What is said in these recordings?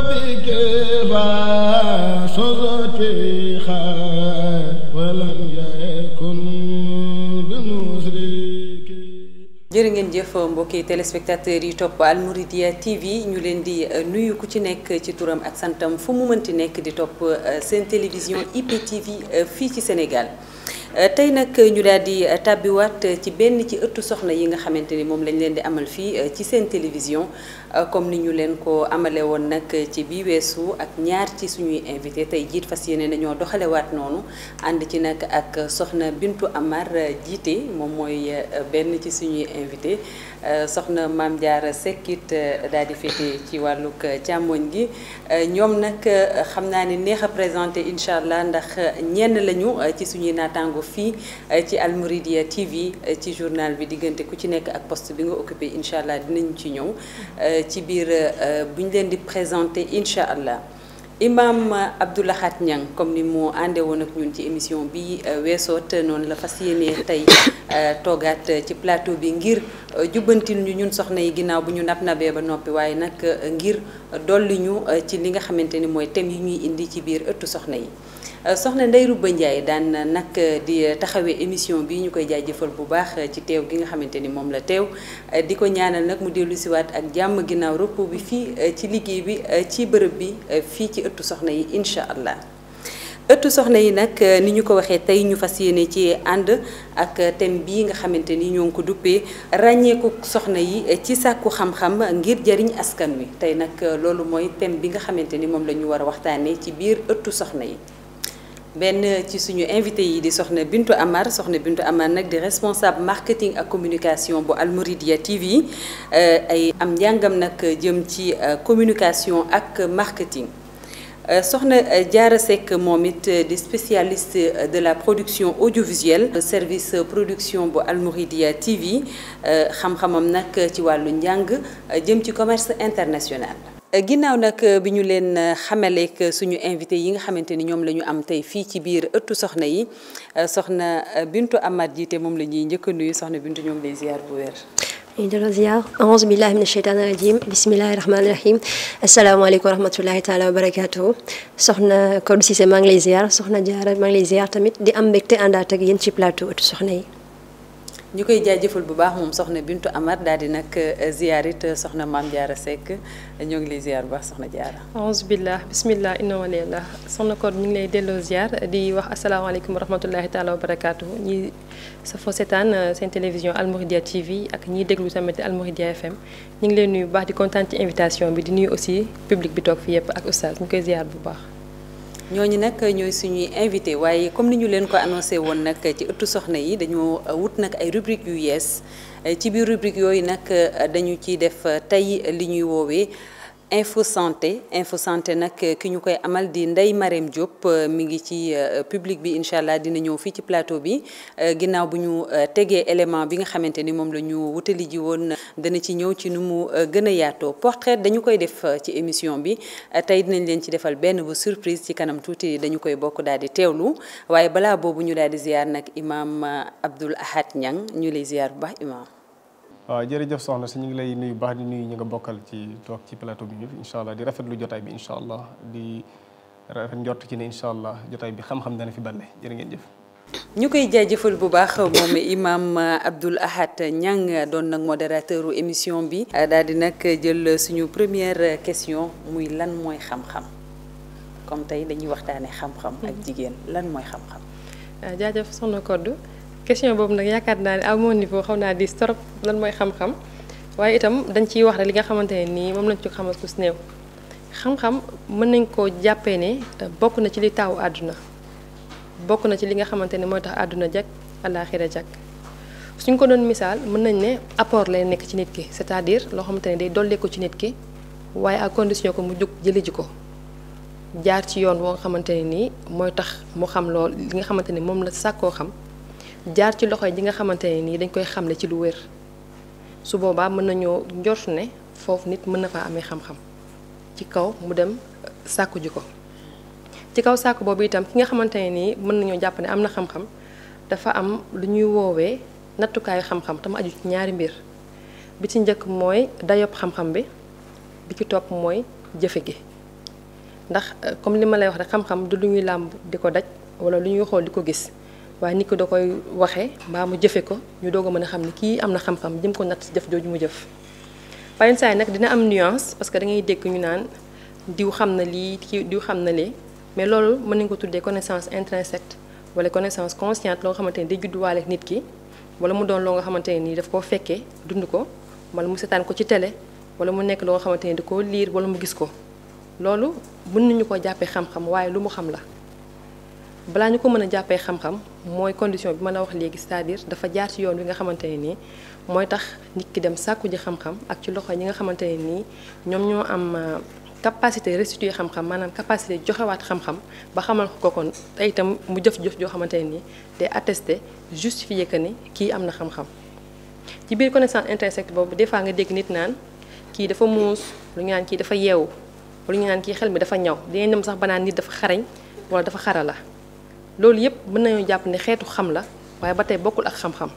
بك ngeen jëf mbokki téléspectateurs yi topp Almouridiya TV ñu leen di euh, nuyu ku ci nekk ci turam ak santam fu mu mënti nekk di topp euh, seen télévision IPTV euh, fii ci Sénégal tey nag ñu daal di tàbbiwaat ci benn ci ëttu soxna yi nga xamante ni moom lañ leen di amal fii ci seen télévision Euh, comme ni ñu leen ko amale woon nag ci bii weesu ak ñaar ci suñuy invité tey jiit fas yéene nañoo doxalewaat noonu ànd ci nag ak soxna Bintu Amar jiite moom mooy euh, benn ci suñuy invité Euh, soxna Maam Diarra Seck it euh, daal di féetee ci wàllug euh, càmmoñ gi ñoom nag xam naa ni neex a présenté incha allah ndax ñenn lañu ci suñuy naataango fii ci Almouridiya TV ci journal bi diggante ku ci nekk ak poste bi nga occupé incha allah dinañu ci ñëw ci biir bu buñ leen di présenté incha allah. imam Abdoulahat Niang comme ni mu àndee woon ak ñun ci émission bi euh, weesoot noonu la fas yéenee tey euh, toggaat ci plateau bi ngir euh, jubbantil ñu ñun soxna yi ginnaaw bu ñu nab nabee ba noppi waaye nag ngir dolli ñu ci li nga xamante ni mooy thème yi ñuy indi ci biir ëttu soxna yi soxna Ndeye Rouba Ndiaye daan nag di taxawee émission bi ñu koy jaajëfal bu baax ci teew gi nga xamante ni moom la teew di ko ñaanal nag mu dellu siwaat ak jàmm ginnaaw repos bi fii ci liggéey bi ci bërëb bi fii ci ëttu soxna yi incha allah ëttu soxna yi nag ni ñu ko waxee tey ñu fas yéene ci ànd ak thème bi nga xamante ni ñoo ngi ko duppee ràññeeku soxna yi ci sàkku xam-xam ngir jariñ askan wi tey nag loolu mooy thème bi nga xamante ni moom la ñu war a waxtaanee ci biir ëttu soxna yi benn ci suñu invité yi di soxna Bintu Amar soxna Bintu Amar nag di responsable marketing ak communication bu Almouridiya TV euh, ay am njàngam nag jëm ci euh, communication ak marketing. Euh, soxna Diarra Seck moom it di spécialiste de la production audiovisuelle service production bu Almouridiya TV xam-xamam nag ci wàllu njàng jëm ci commerce international. ginnaaw nag euh, bi ñu leen euh, xamaleek euh, suñu invité yi nga xamante ni ñoom la ñu am tey fii ci biir ëttu soxna yi soxna Bintu Amath Djité moom la ñuy njëkk nuyu soxna Bintu ñoom lay ziar bu wér. ñu delloo ziar aouzu billahi min asheytaan rajim bismillahi rahmaani rahim asalaamaaleykum wa rahmatullahi taala maa ngi lay ziar soxna Diarra maa ngi lay ziar tamit di am mbégte àndaat ak yéen ci plateau ëttu soxna yi. ñu koy jaajëfal bu baax moom soxna Bintu Amar daal di nag euh, ziyaarit euh, soxna maam Diarra Seck ñoo ngi lay ziyaar bu baax soxna Diarra aousubillah bisimillah inna walillah soxna Code ñu ngi lay delloo ziyaar di wax asalaamaaleykum wa rahmatullahi taala wa ñi sa fo seetaan euh, seen télévision Al Mouridiyyah TV ak ñiy déglu tamit Al Mouridiyyah FM ñu ngi leen nuyu baax di kontaan ci invitation bi di nuyu aussi public bi toog fi yëpp ak oustaz ñu koy ziyaar bu baax ñooñu nag ñooy suñuy invité waaye comme ni ñu leen ko annoncé woon nag ci ëttu soxna yi dañu wut nag ay rubrique yu yees ci biir rubrique yooyu nag dañu ci def tey li ñuy woowee info santé info santé nag eh, ki ñu koy amal di Ndeye Marème Diop eh, mi ngi ci eh, public bi incha allah dina ñëw fii ci plateau bi ginnaaw bu ñu tegee élément bi nga xamante ni moom la ñu wutali ji woon dana ci ñëw ci nu mu gën a yaatoo portrait dañu koy def ci émission bi tey dinañ leen ci defal benn bu surprise ci kanam tuuti dañu koy bokk daal di teewlu waaye balaa boobu ñu daal di ziar nag imaam Abdoul Ahad Niang ñu lay ziar bu baax imaam. waaw euh, jëf soxna si ñu ngi lay nuyu baax di nuyu ñi nga bokkal ci toog ci plateau bi ñu incha allah di rafetlu jotaay bi incha allah di rafet ci ne incha allah jotaay bi xam-xam dana fi balle jërë ngeen jëf. ñu koy jaajëfal bu baax moom imam Abdoul Ahad Niang doon nag modérateur émission bi daal di nag jël suñu première question muy lan mooy xam-xam comme tey dañuy waxtaanee xam-xam. ak jigéen lan mooy xam-xam. jaajëf soxna Codou. question boobu nag yaakaar naa ne à mon niveau xaw naa diis trop lan mooy xam-xam waaye itam dañ ciy wax rek li nga xamante ne nii moom lañ ci xamal ku si néew xam mën nañ koo jàppee ne bokk na ci li taawu àdduna bokk na ci li nga xamante ne mooy tax àdduna jag àllaaxira jag suñ ko doon misaal mën nañ ne apport lay nekk ci nit ki cest à diir loo xamante ne day dollee ko ci nit ki waaye ak condition ko mu jug jëli ji ko jaar ci yoon woo nga xamante ne nii mooy tax mu xam lool li nga xamante ne moom la sàkkoo xam jaar ci loxo yi nga xamante ne nii dañ koy xamle ci lu wér su boobaa mën nañoo njort ne foofu nit mën na faa amee xam-xam ci kaw mu dem euh, sàkku ji ko ci kaw sàkku boobu itam ki nga xamante ne nii mën nañoo jàpp ne am na xam-xam dafa am lu ñuy woowee nattukaayu xam-xam tam aju ci ñaari mbir bi ci njëkk mooy dayob xam-xam bi bi ci topp mooy jëfe gi ndax euh, comme li ma lay wax rek xam-xam du lu ñuy làmb di ko daj wala lu ñuy xool di ko gis waaye nit ko da koy waxee mbaa mu jëfe ko ñu doog a mën a xam ne kii am na xam-xam jëm ko natt jëf jooju mu jëf payen saay nag dina am nuance parce que da ngay dégg ñu naan diw xam na lii kii diw xam na lee mais loolu mën nañ ko tuddee connaissance intrinsèque wala connaissance consciente loo xamante ni day judduwaale nit wala mu doon loo nga xamante ne nii daf koo fekkee dund ko wala mu ko ci télé wala mu nekk loo xamante ni da koo liir wala mu gis ko loolu mën nañu ko jàppee xam-xam waaye lu mu xam la balaa ñu ko mën a jàppee xam-xam mooy condition bi ma la wax léegi c'est-à-dire dafa jaar ci yoon wi nga xamante ne nii mooy tax nit ki dem sàkku ji xam-xam ak ci loxo yi nga xamante ne nii ñoom ñoo am euh, capacité restituer xam-xam maanaam capacité joxewaat xam-xam ba xamal ko kon tey mu jëf-jëf joo xamante ne nii te attesté justifier que ni kii am na xam-xam ci biir connaissance intrinsèque boobu des fois nga dégg nit naan kii dafa muus lu ñu naan kii dafa yeewu lu ñu naan kii xel mi dafa ñaw dinañ sax ba naan nit dafa dafa xarala loolu yëpp mën nañu jàpp ni xeetu xam la waaye ba tey bokkul ak xam-xam.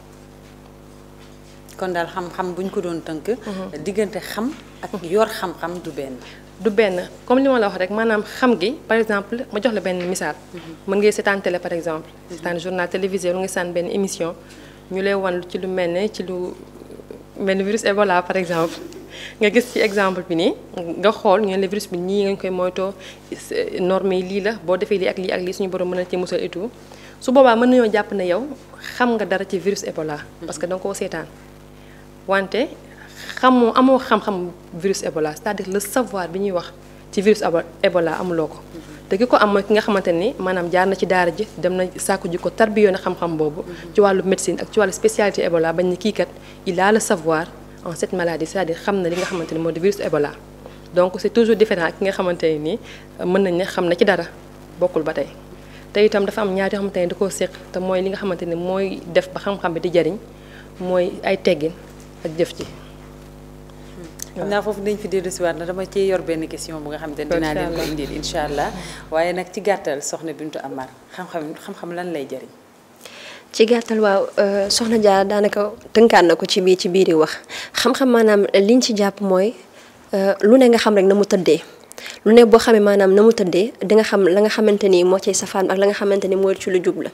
kon daal xam-xam bu ko doon tënk. Mhm. diggante xam ak yor xam-xam du benn. du benn comme li ma la wax rek maanaam xam gi par exemple ma jox la benn misaal. Mhm. mën ngay seetaan télé par exemple. Mhm. seetaan journal télévisé lu ngi seetaan benn émission ñu lay wan ci lu mel ne ci lu mel ni virus Ebola par exemple. nga gis ci exemple bi nii nga xool ñu ne virus bi nii nga koy moytoo norme lii la boo defee lii ak lii ak lii suñu borom mën na ci musal et su boobaa mën nañoo jàpp na yow xam nga dara ci virus Ebola. parce que da koo seetaan wante xamoo amoo xam-xam virus Ebola c'est-à-dire le savoir bi ñuy wax ci virus ébola amuloo ko. te ki ko am mooy ki nga xamante ni maanaam jaar na ci daara ji dem na sàkku ji ko tarbiyoo na xam-xam boobu. ci wàllu médecine ak ci wàllu spécialité Ebola bañ ni kii kat il a savoir. en cette maladie sa à xam na li nga xamante ni moo di virus Ebola donc c'est toujours différent ak ki nga xamante ne nii mën nañ ne xam na ci dara bokkul ba tey te itam dafa am ñaar yoo da koo séq te mooy li nga xamante ne mooy def ba di jariñ mooy ay teggin ak jëf ci xam naa foofu dañ fi dellu siwaat na dama ci yor benn question bu nga xamante ne dinaa leen ko indil incha allah waaye nag ci gàttal soxna Bintu Amar xam-xam xam-xam lan lay jariñ ci gàttal waaw euh, soxna Dia daanaka tënkaat na ko ci biir ci biir yi wax xam-xam maanaam liñ ci jàpp mooy euh, lu ne nga xam rek na mu tëddee lu ne boo xamee maanaam na mu tëddee di nga xam la nga xamante ni moo cay safaan ak la nga xamante ni mooy ci lu jub la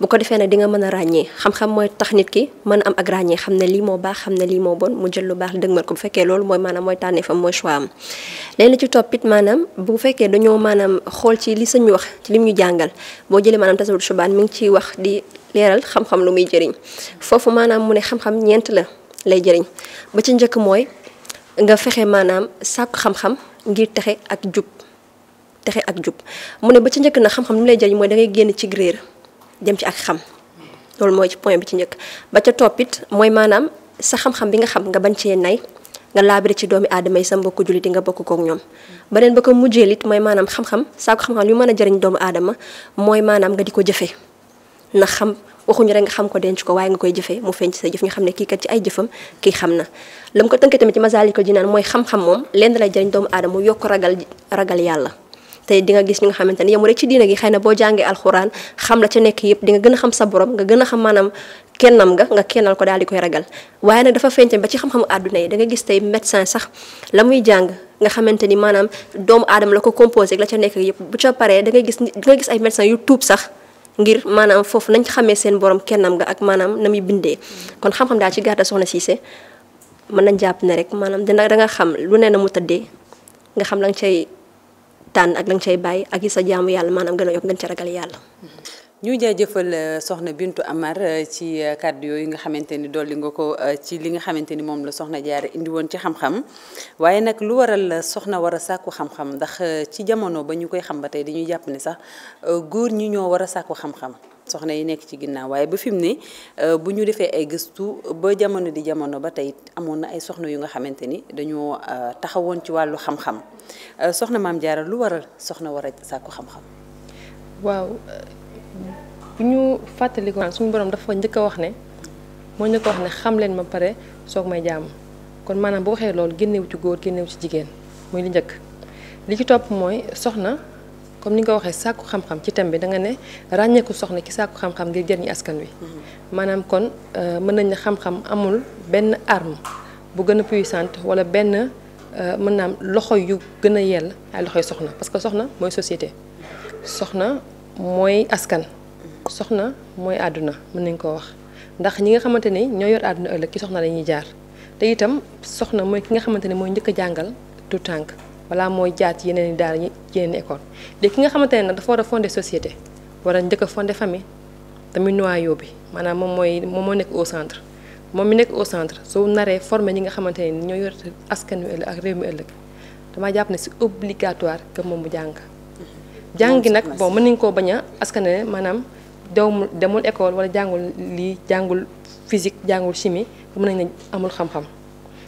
bu ko defee nag di nga mën a ràññee xam-xam mooy tax nit ki mën a am ak ràññee xam ne lii moo baax xam ne lii moo bon mu jël lu baax dëgmal ko bu fekkee loolu mooy maanaam mooy tànneefam mooy choix am léegi ci toppit maanaam bu fekkee dañoo maanaam ci li sëñ bi wax ci lim ñu jàngal boo jëlee maanaam tasawur subaan mi ngi ciy wax di leeral xam-xam lu muy jëriñ foofu maanaam mu ne xam-xam ñeent la lay jëriñ ba ci njëkk mooy nga fexe maanaam sàkku xam-xam ngir texe ak jub texe ak jub mu ne ba ci njëkk nag xam-xam mu lay jëriñ mooy da ngay génn ci réer dem ci ak xam loolu mooy ci point bi ci njëkk ba ca toppit mooy maanaam sa xam bi nga xam nga bañ cee nay nga laabire ci doomi aadama yi sa mbokku jullit yi nga bokk kook ñoom beneen mooy maanaam xam-xam saako xam doomu aadama mooy maanaam nga di ko jëfee na xam waxuñu rek nga xam ko denc ko waaye nga koy jëfee mu feeñ ci sa jëf ñu xam ne kii kat ci ay jëfam kii xam na la mu ko tënkee tamit ci Masaalikul Jinaan mooy xam-xam moom lenn lay jëriñ doomu aadama mu yokk ragal ragal yàlla te di nga gis ñu nga xamante ne yemu rek ci diina gi xëy na boo jàngee alxuraan xam la ca nekk yëpp di nga gën a xam sa borom nga gën a xam maanaam kennam nga nga kennal ko daal di koy ragal waaye nag dafa feeñ ba ci xam àdduna yi da nga gis tey médecin la muy jàng nga xamante ni maanaam doomu aadama la ko composé la ca nekk yëpp bu ca paree da ngay gis da nga gis ay médecin yu tuub sax ngir maanaam foofu nañ xamee seen borom kennam nga ak maanaam na muy bindee kon xam-xam daal ci gàttal soxna Cissé mën nañ jàpp ne rek maanaam dina da nga xam lu ne na mu tëddee nga xam la nga cay tànn ak la nga cay bàyyi ak yi sa jaamu yàlla maanaam gën a yokk gën ca ragal yàlla ñu jaajëfal euh, soxna Bintu Amar euh, ci euh, kàddu yooyu nga xamante ni dolli nga ko ci li nga xamante ni moom la soxna Diarra indi woon ci xam-xam waaye nag lu waral soxna war a sàkku xam-xam ndax ci jamono ba ñu koy xam ba tey dañuy jàpp ni sax góor ñi ñoo war a sàkku xam soxna yi nekk ci ginnaaw waaye ba fi mu ne bu ñu defee ay gëstu ba jamono di jamono ba tey amoon na ay soxna yu nga xamante ni dañoo taxawoon ci wàllu xam soxna maam jaaral lu waral soxna war a sàkku xam-xam. waaw bu ñu fàttaliko suñu borom dafa njëkk a wax ne moo njëkk wax ne xam leen ma pare soog may jàmm kon maanaam bu waxee loolu génnewu ci góor génnewu ci jigéen mooy li njëkk li ci topp mooy soxna comme ni nga ko waxee sàkku xam-xam ci thème bi da nga ne ràññeeku soxna ci sàkku xam-xam ngir jëriñu askan wi mhm. maanaam kon euh, mën nañ ne xam-xam amul benn arme bu gën a puissante wala benn euh, mën naam loxo yu gën a yell ay loxoy soxna parce que soxna mooy société soxna mooy askan soxna mooy àdduna mën nañ koo wax ndax ñi nga xamante ni ñoo yor àdduna ëllëg ci soxna lañuy jaar te itam soxna mooy ki nga xamante ni mooy njëkk a jàngal tout tànk wala mooy jaat yeneen i daara yi yeneen i école ki nga xamante ne nag dafa war a fondé société war njëkk a fondé famille tamit noyau bi maanaam moom mooy moom moo nekk au centre moom mi nekk au centre soo naree former ñi nga xamante ne ñoo yor askan wi ëllëg ak réew mi ëllëg dama jàpp ne c'est moom mu jàng jàngi nag bon mën nañ koo bañ a askane maanaam dewmul demul école wala jàngul lii jàngul physique jàngul chimie mën nañ ne amul xam-xam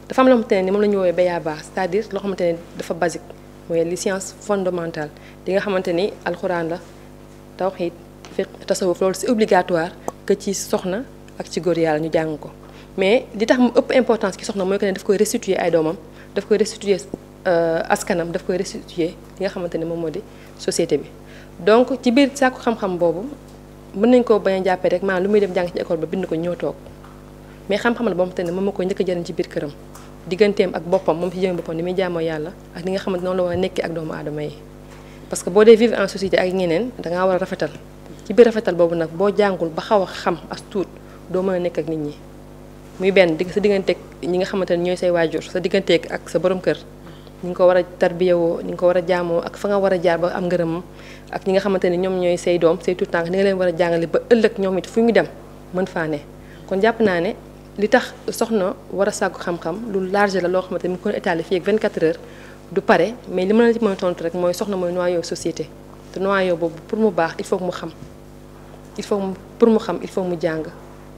dafa am loo xamante ne ni moom la ñu woowee BABA c'est-à-dire loo xamante ne dafa basique mooy li science fondamentale li nga xamante ni alxuraan la tawxiid fiq tasawuf loolu c'est obligatoire que ci soxna ak ci góor yàlla ñu jàng ko mais li tax mu ëpp importance ci soxna mooy que ne daf koy restituer ay doomam daf koy restituer Euh, askanam daf koy restituer li nga xamante ne moom moo di société bi donc ci biir sàkku xam-xam boobu mën nañ koo bañ a jàppee rek maanaam lu muy dem jàng ci école ba bind ko ñëw toog mais xam-xam la boo xamante moom ma koy njëkk a ci biir këram digganteem ak boppam moom ci jëmi boppam ni muy jaamoo yàlla ak ni nga xamante noonu la war nekkee ak doomu aadama yi parce que boo dee vivre en société ak ñeneen danga war a rafetal ci biir rafetal boobu nag boo jàngul ba a xam as tuut doo mën nekk ak nit ñi muy benn sa digganteeg ñi nga xamante ne ñooy say waajur sa digganteeg ak sa borom kër ni nga ko war a tarbiyewoo ni nga ko war a jaamoo ak fa nga war a jaar ba am ngërëmam ak ñi nga xamante ne ñoom ñooy say doom say tout tànk ni nga leen war a jàngale ba it fu ñu dem mën faa ne kon jàpp naa ne li tax soxna war a sàkku xam lu large la loo xamante ni mu ko étalé fii ak 24 mais li ma la tontu rek mooy soxna mooy noyau société te noyau boobu pour mu baax il mu xam il faut pour mu xam il faut mu jàng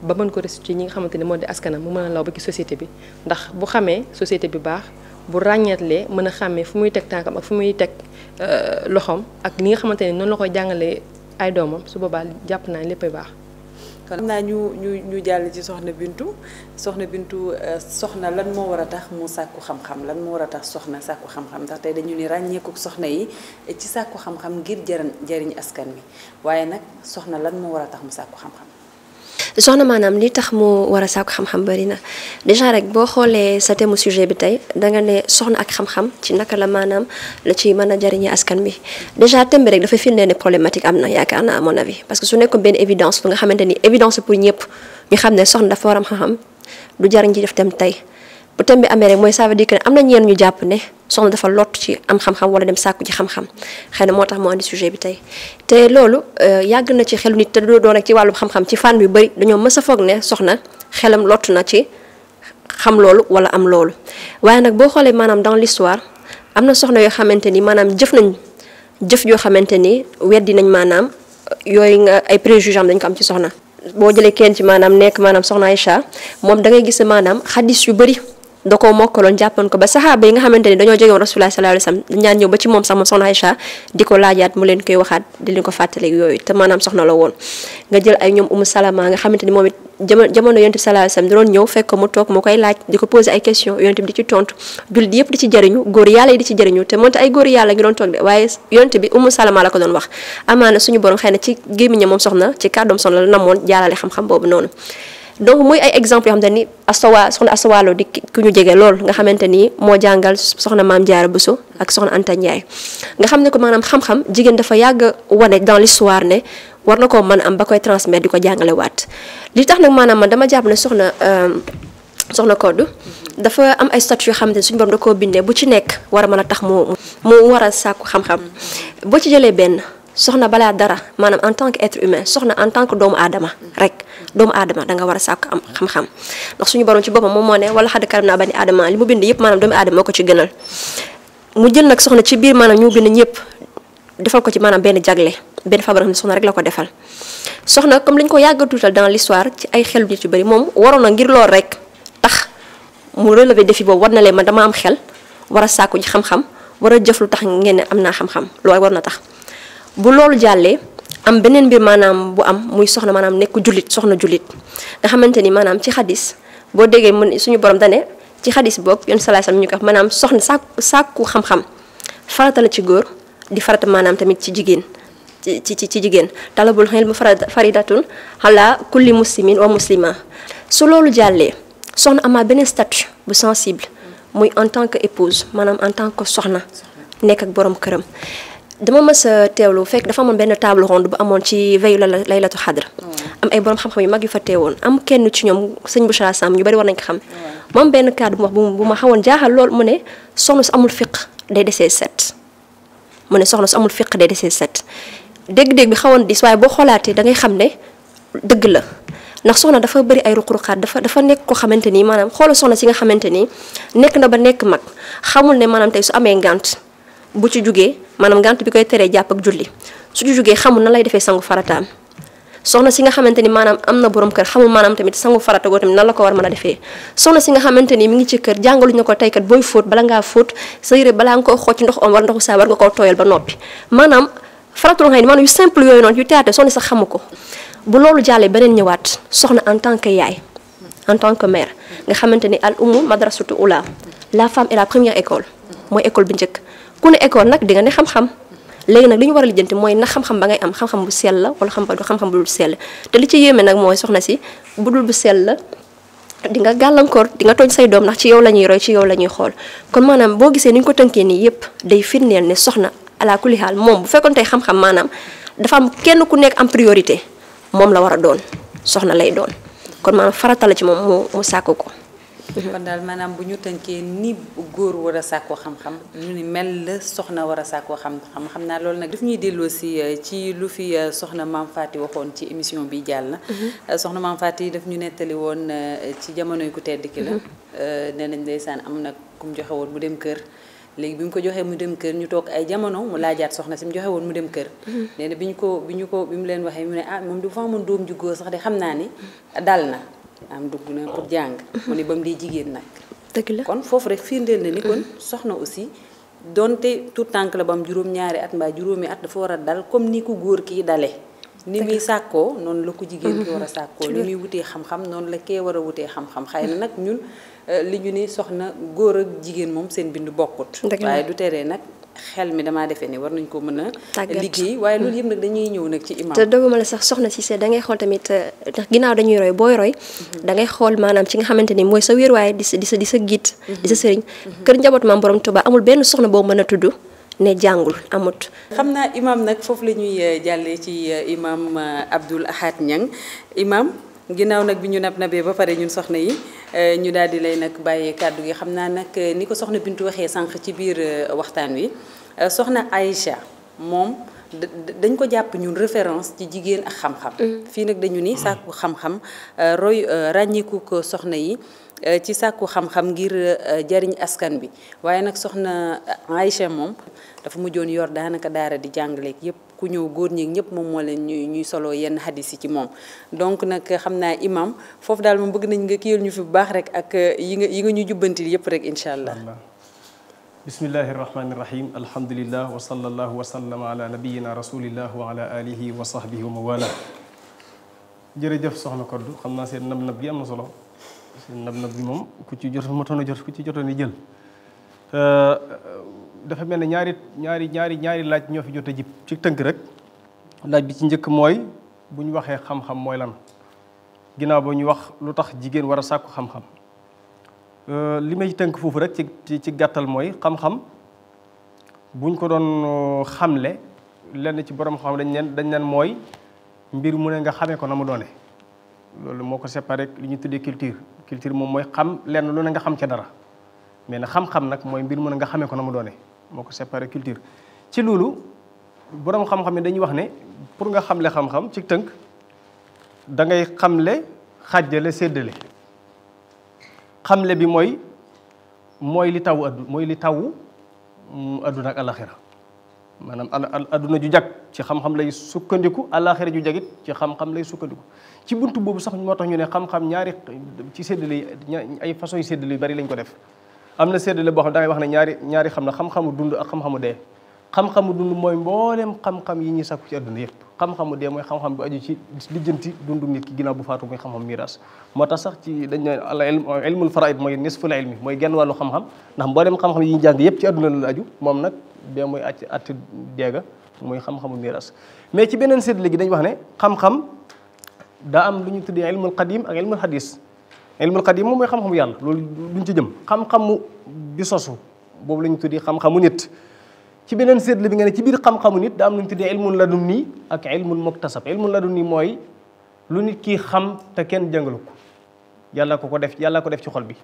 ba mën ko restituer ñi nga xamante ne moo di askanam mu mën a law ba ci société bi ndax bu xamee société bi baax bu ràññeetlee mën a xàmmee fu muy teg tànkam ak fu muy teg euh, loxoom ak li nga xamante ne noonu la koy jàngalee ay doomam su boobaa jàpp naa léppay baax. xam naa ñu ñu ñu jàll ci soxna Bintu soxna Bintu euh, soxna lan moo war a tax mu sàkku xam-xam lan moo war a tax soxna sàkku xam-xam ndax tey dañu ni ràññeeku soxna yi ci sàkku xam-xam ngir jariñ jariñ askan wi waaye nag soxna lan moo war a tax mu sàkku xam-xam. soxna maanaam li tax mu war a sàkku xam-xam bari na déjà rek boo xoolee sa thème sujet bi tey danga ne soxna ak xam-xam ci naka la maanaam la ci mën a jariñee askan bi déjà thème bi rek dafay firndeel ne problématique am na yaakaar na à mon avis parce que su nekkoon benn évidence bu nga xamante ni évidence pour ñëpp ñu xam ne soxna dafa waram a xam-xam du jariñ ci def thème tey bu thème bi amee rek mooy ça di dire que am na ñeen ñu jàpp ne soxna dafa lott ci am xam-xam wala dem sàkku ci xam-xam xëy na moo tax moo andi sujet bi tey te loolu euh, yàgg na ci xelu nit te doo doon ci wàllum xam ci fànn yu bëri dañoo mës a foog ne soxna xelam lott na ci xam loolu wala am loolu waaye nag boo xoolee maanaam dans l'histoire am na soxna yoo xamante ni maanaam jëf nañ jëf yoo xamante ni weddi nañ maanaam euh, yooyu nga ay préjugés dañ ko ci soxna boo jëlee kenn ci maanaam nekk maanaam soxna Aïcha moom da ngay gis maanaam xadis yu bëri da koo mokkaloon jàppoon ko ba saxaaba yi nga xamante ni dañoo jege woon rasulullah sallallahu alayhi wasallam ñaan ñëw ba ci moom sax moom soxna Aïcha di ko laajaat mu leen koy waxaat di leen ko fàttali yooyu te maanaam soxna la woon nga jël ay ñoom umu salama nga xamante ni moom it jamono yonent bi sallallahu alayhi wasallam di doon ñëw fekk ko mu toog mu koy laaj di ko poser ay question yonent bi di ci tontu jullit yëpp di ci jëriñu góor yàlla yi di ci jëriñu te moonte ay góor yàlla ngi doon toog de waaye yonent bi umu salama la ko doon wax amaana suñu borom xëy na ci gémmiñam moom soxna ci kàddoom soxna la namoon jaalale xam-xam boobu noonu donc muy ay exemple yoo xamante ni astawa soxna astawaalo di ku ñu jege lool nga xamante ni moo jàngal soxna maam Jaara Buso ak soxna Anta Ndiaye nga xam ne ko maanaam xam jigéen dafa yàgg wane dans l'histoire ne war na koo mën am ba koy transmettre di ko jàngale waat li tax nag maanaam man dama jàpp ne soxna euh, soxna Codou dafa am ay statut yoo xam ne suñ borom da koo bindee bu ci nekk war a mën a tax mu mu war a sàkku xam-xam boo ci jëlee benn soxna balaa dara maanaam en tant que être humain soxna en tant que doomu aadama rek doomu aadama da war a sàkk am xam-xam suñu borom ci boppam moom moo wala xad karam naa bani aadama li mu bind yëpp maanaam doomu aadama moo ko ci gënal mu jël nag soxna ci biir maanaam ñu bind ñëpp defal ko ci maanaam benn jagle benn fa xam rek la ko defal soxna comme lañ ko yàgg a tuutal dans l'histoire ci ay xelu nit yu bëri moom waroon na ngir rek tax mu relever défi boobu war na leen man dama am xel war a sàkku ji xam war a jëf lu tax ngeen ne am naa xam-xam loolu war na tax bu loolu jàllee am beneen mbir maanaam bu am muy soxna maanaam nekk jullit soxna jullit nga xamante ni maanaam ci xadis boo déggee mën suñu borom dane ci xadis boog yoon salaay sam ñu ko wax maanaam soxna sàkku sàkku xam-xam ci góor di farata maanaam tamit ci jigéen ci ci ci jigéen talabul xilm faridatun ala kulli muslimin wa muslima su loolu jàllee soxna amaa beneen statut bu sensible muy en tant que épouse maanaam en tant que soxna nekk ak borom këram dama mës a teewlu fekk dafa amoon benn table ronde bu amoon ci la veillu laylatu xadra hmm. am ay borom xam-xam yu mag yu fa teewoon am kenn ci ñoom sëñ Bouchra Samb ñu bari war nañ hmm. moom benn kàddu bu wax bu ma xawoon jaaxal lool mu ne soxna su amul fiq day desee set mu ne soxna su amul fiq day set dégg-dégg bi xawoon dis waaye boo xoolaatee da ngay xam ne dëgg la ndax soxna dafa bëri ay ruq-ruqaat dafa dafa nekk ko xamante nii maanaam xoola soxna si nga xamante nii nekk na ba nekk mag xamul ne maanaam tey su amee ngànt bu ci jógee maanaam ngant bi koy teree jàpp ak julli su ci jugee xamul na lay defee sangu farataam soxna si nga xamante ni maanaam am na borom kër xamul maanaam tamit sangu farata goo tamit nan ko war mën a defee soxna si nga xamante ni mi ngi ci kër jàngaluñ na ko tey booy fóot bala ngaa fóot sa yére balaa nga koy xool ci ndox om war ndoxu saa nga koo tooyal ba noppi maanaam faratul xëy maanaam yu simple yooyu noonu yu théâtre soxna xamu ko bu loolu jàllee beneen ñëwaat soxna en tant que yaay en tant que nga xamante ni al umu madrasatu ula la femme est la école mooy école bi njëkk ku ne école nag di nga ne xam-xam léegi nag li ñu war a lijjanti mooy na xam-xam ba ngay am xam-xam bu sell la wala xam ba du xam bu dul sell te li ci yéeme nag mooy soxna si bu dul bu sell la di nga gàllankoor di nga tooñ say doom ndax ci yow la ñuy roy ci yow la ñuy xool kon maanaam boo gisee ni ñu ko tënkee nii yépp day firneel ne soxna ala kulli moom bu fekkoon tey xam-xam maanaam dafa am kenn ku nekk am priorité moom la war a doon soxna lay doon kon maanaam farata ci moom mu ko kon daal maanaam bu ñu tënkee nii góor war a sàkkoo xam-xam ñu ni mel la soxna war a sàkkoo xam-xam xam naa loolu nag daf ñuy delloo si euh, ci lu fi euh, soxna Maam Faty waxoon ci émission bi jàll na mm-hmm. euh, soxna Maam Faty daf ñu nettali woon ci jamono jamonoy ku tedd ki la mm-hmm. nee nañ ndeysaan am nag ku mu joxe woon mu dem kër léegi bi mu ko joxee mu dem kër ñu toog ay jamono mu laajaat soxna si mu joxe woon mu dem kër. Mm-hmm. nee bi ñu ko bi ñu ko bi mu leen waxee mu ne ah moom du fa ju góor sax de xam naa ni dal na. am dugg na pour jàng. mu ne ba mu dee jigéen nag. dëgg la kon foofu rek firndeel na ni kon soxna aussi donte tout tànk la ba mu juróom-ñaari at mbaa juróomi at dafa war a dal comme ni ko góor kii dale ni muy sàkkoo noonu la ko jigéen ki war a sàkkoo ni muy wutee xam-xam noonu la kee war a wutee xam-xam xëy na nag ñun euh, li ñu ne soxna góor ak jigéen moom seen bind bokkut waaye du teree nag xel mi damaa defe ne war nañ ko mën a. tàggat liggéey waaye loolu yëpp nag dañuy ñëw nag ci imam. te doguma la sax soxna si da dangay xool tamit eh, ndax ginnaaw dañuy roy booy roy. Mhm. da ngay xool maanaam ci nga xamante ni mooy sa wéeruwaay di sa di sa di sa giit. Mhm. di sa sëriñ. Mhm. kër njaboot maam borom ba amul benn soxna boo mën a tudd. ne jàngul amut. xam naa imaam nag foofu la ñuy eh, jàllee ci eh, imaam Abdoul Ahad Niang imaam. ginnaaw nag bi ñu nab nabee ba pare ñun soxna yi eh, ñu daal di lay nag bàyyee kàddu gi xam naa nag eh, ni ko soxna Bintu waxee sànq ci biir eh, waxtaan wi soxna Aïcha moom dañ ko jàpp ñun référence ci jigéen ak mm. fii nag dañu ni sàkku xam-xam roy ko soxna yi. ci sàkku xam-xam ngir jariñ askan bi waaye nag soxna Aïcha moom dafa mujjoon yor daanaka daara di jàngaleeg yépp ku ñëw góor ñi ñëpp moom moo leen ñuy solo soloo yenn hadis yi ci moom donc nag xam naa imam foofu daal moom bëgg nañ nga kiyal ñu fi bu baax rek ak euh, yi nga yi ñu jubbanti yëpp rek incha allah bismillahi irrahmani irrahim alhamdulillah wa sallallahu wa sallam ala nabiyina rasulillah wa ala alihi wa sahbihi wa mawala soxna Koddu xam naa seen nab nab gi am na solo seen nab nab gi moom ku ci jot matoon a jot ku ci jotoon a jël euh, dafa mel ne ñaari ñaari ñaari ñaari laaj ñoo fi jot a jib ci tënk rek laaj bi ci njëkk mooy bu ñu waxee xam-xam mooy lan ginnaaw ba ñu wax lu tax jigéen war a sàkku xam-xam euh, li may tënk foofu rek ci ci gàttal mooy xam-xam buñ ko doon euh, xamle lenn ci borom xam dañ leen dañ leen mooy mbir mu ne nga xamee ko na mu doone loolu moo ko séparé li ñu tuddee culture culture moom mooy xam lenn lu ne nga xam ca dara mais na xam-xam nag mooy mbir mu ne nga xamee ko na mu doone moo ko séparé culture ci loolu boroom xam-xam ne dañuy wax ne pour nga xamle xam-xam ci tënk da ngay xamle xàjjale séddale xamle bi mooy mooy li taw addu mooy li taw adduna ak alaxira maanaam adduna ju jag ci xam-xam lay sukkandiku alaxira ju jagit ci xam-xam lay sukkandiku ci bunt boobu sax moo tax ñu ne xam-xam ñaari ci séddale ay façon yu séddale yu bari lañ ko def am na séddale boo xam da ngay wax ne ñaari xam na xam-xamu dund ak xam-xamu dee xam-xamu dund mooy mbooleem xam-xam yi ñuy sakku ci àdduna yëpp xam-xamu dee mooy xam-xam bu aju ci lijjanti dundu nit ki ginnaaw bu faatu muy xam-xam miiras moo tax sax ci dañ ne al ilmul mooy nisful ilmi mooy genn wàllu xam-xam ndax mbooleem xam-xam yi ñuy jàng yëpp ci àdduna la aju moom nag dee mooy àcc àtt deega mooy xam-xamu miiras mais ci beneen séddale gi dañ wax ne xam-xam daa am lu ñu tuddee ilmul qadim ak ilmul hadis ilmul yi moom mooy xam-xamu yàlla loolu duñ ci jëm xam-xamu bi sosu boobu la ñu tuddi xam-xamu nit ci beneen seetlu bi nga ne ci biir xam-xamu nit da am lu ñu tuddee ilmun ladunni ak ilmun la ilmun ladunni mooy lu nit kii xam te kenn jàngalu ko yàlla ko ko def yàlla ko def ci xol bi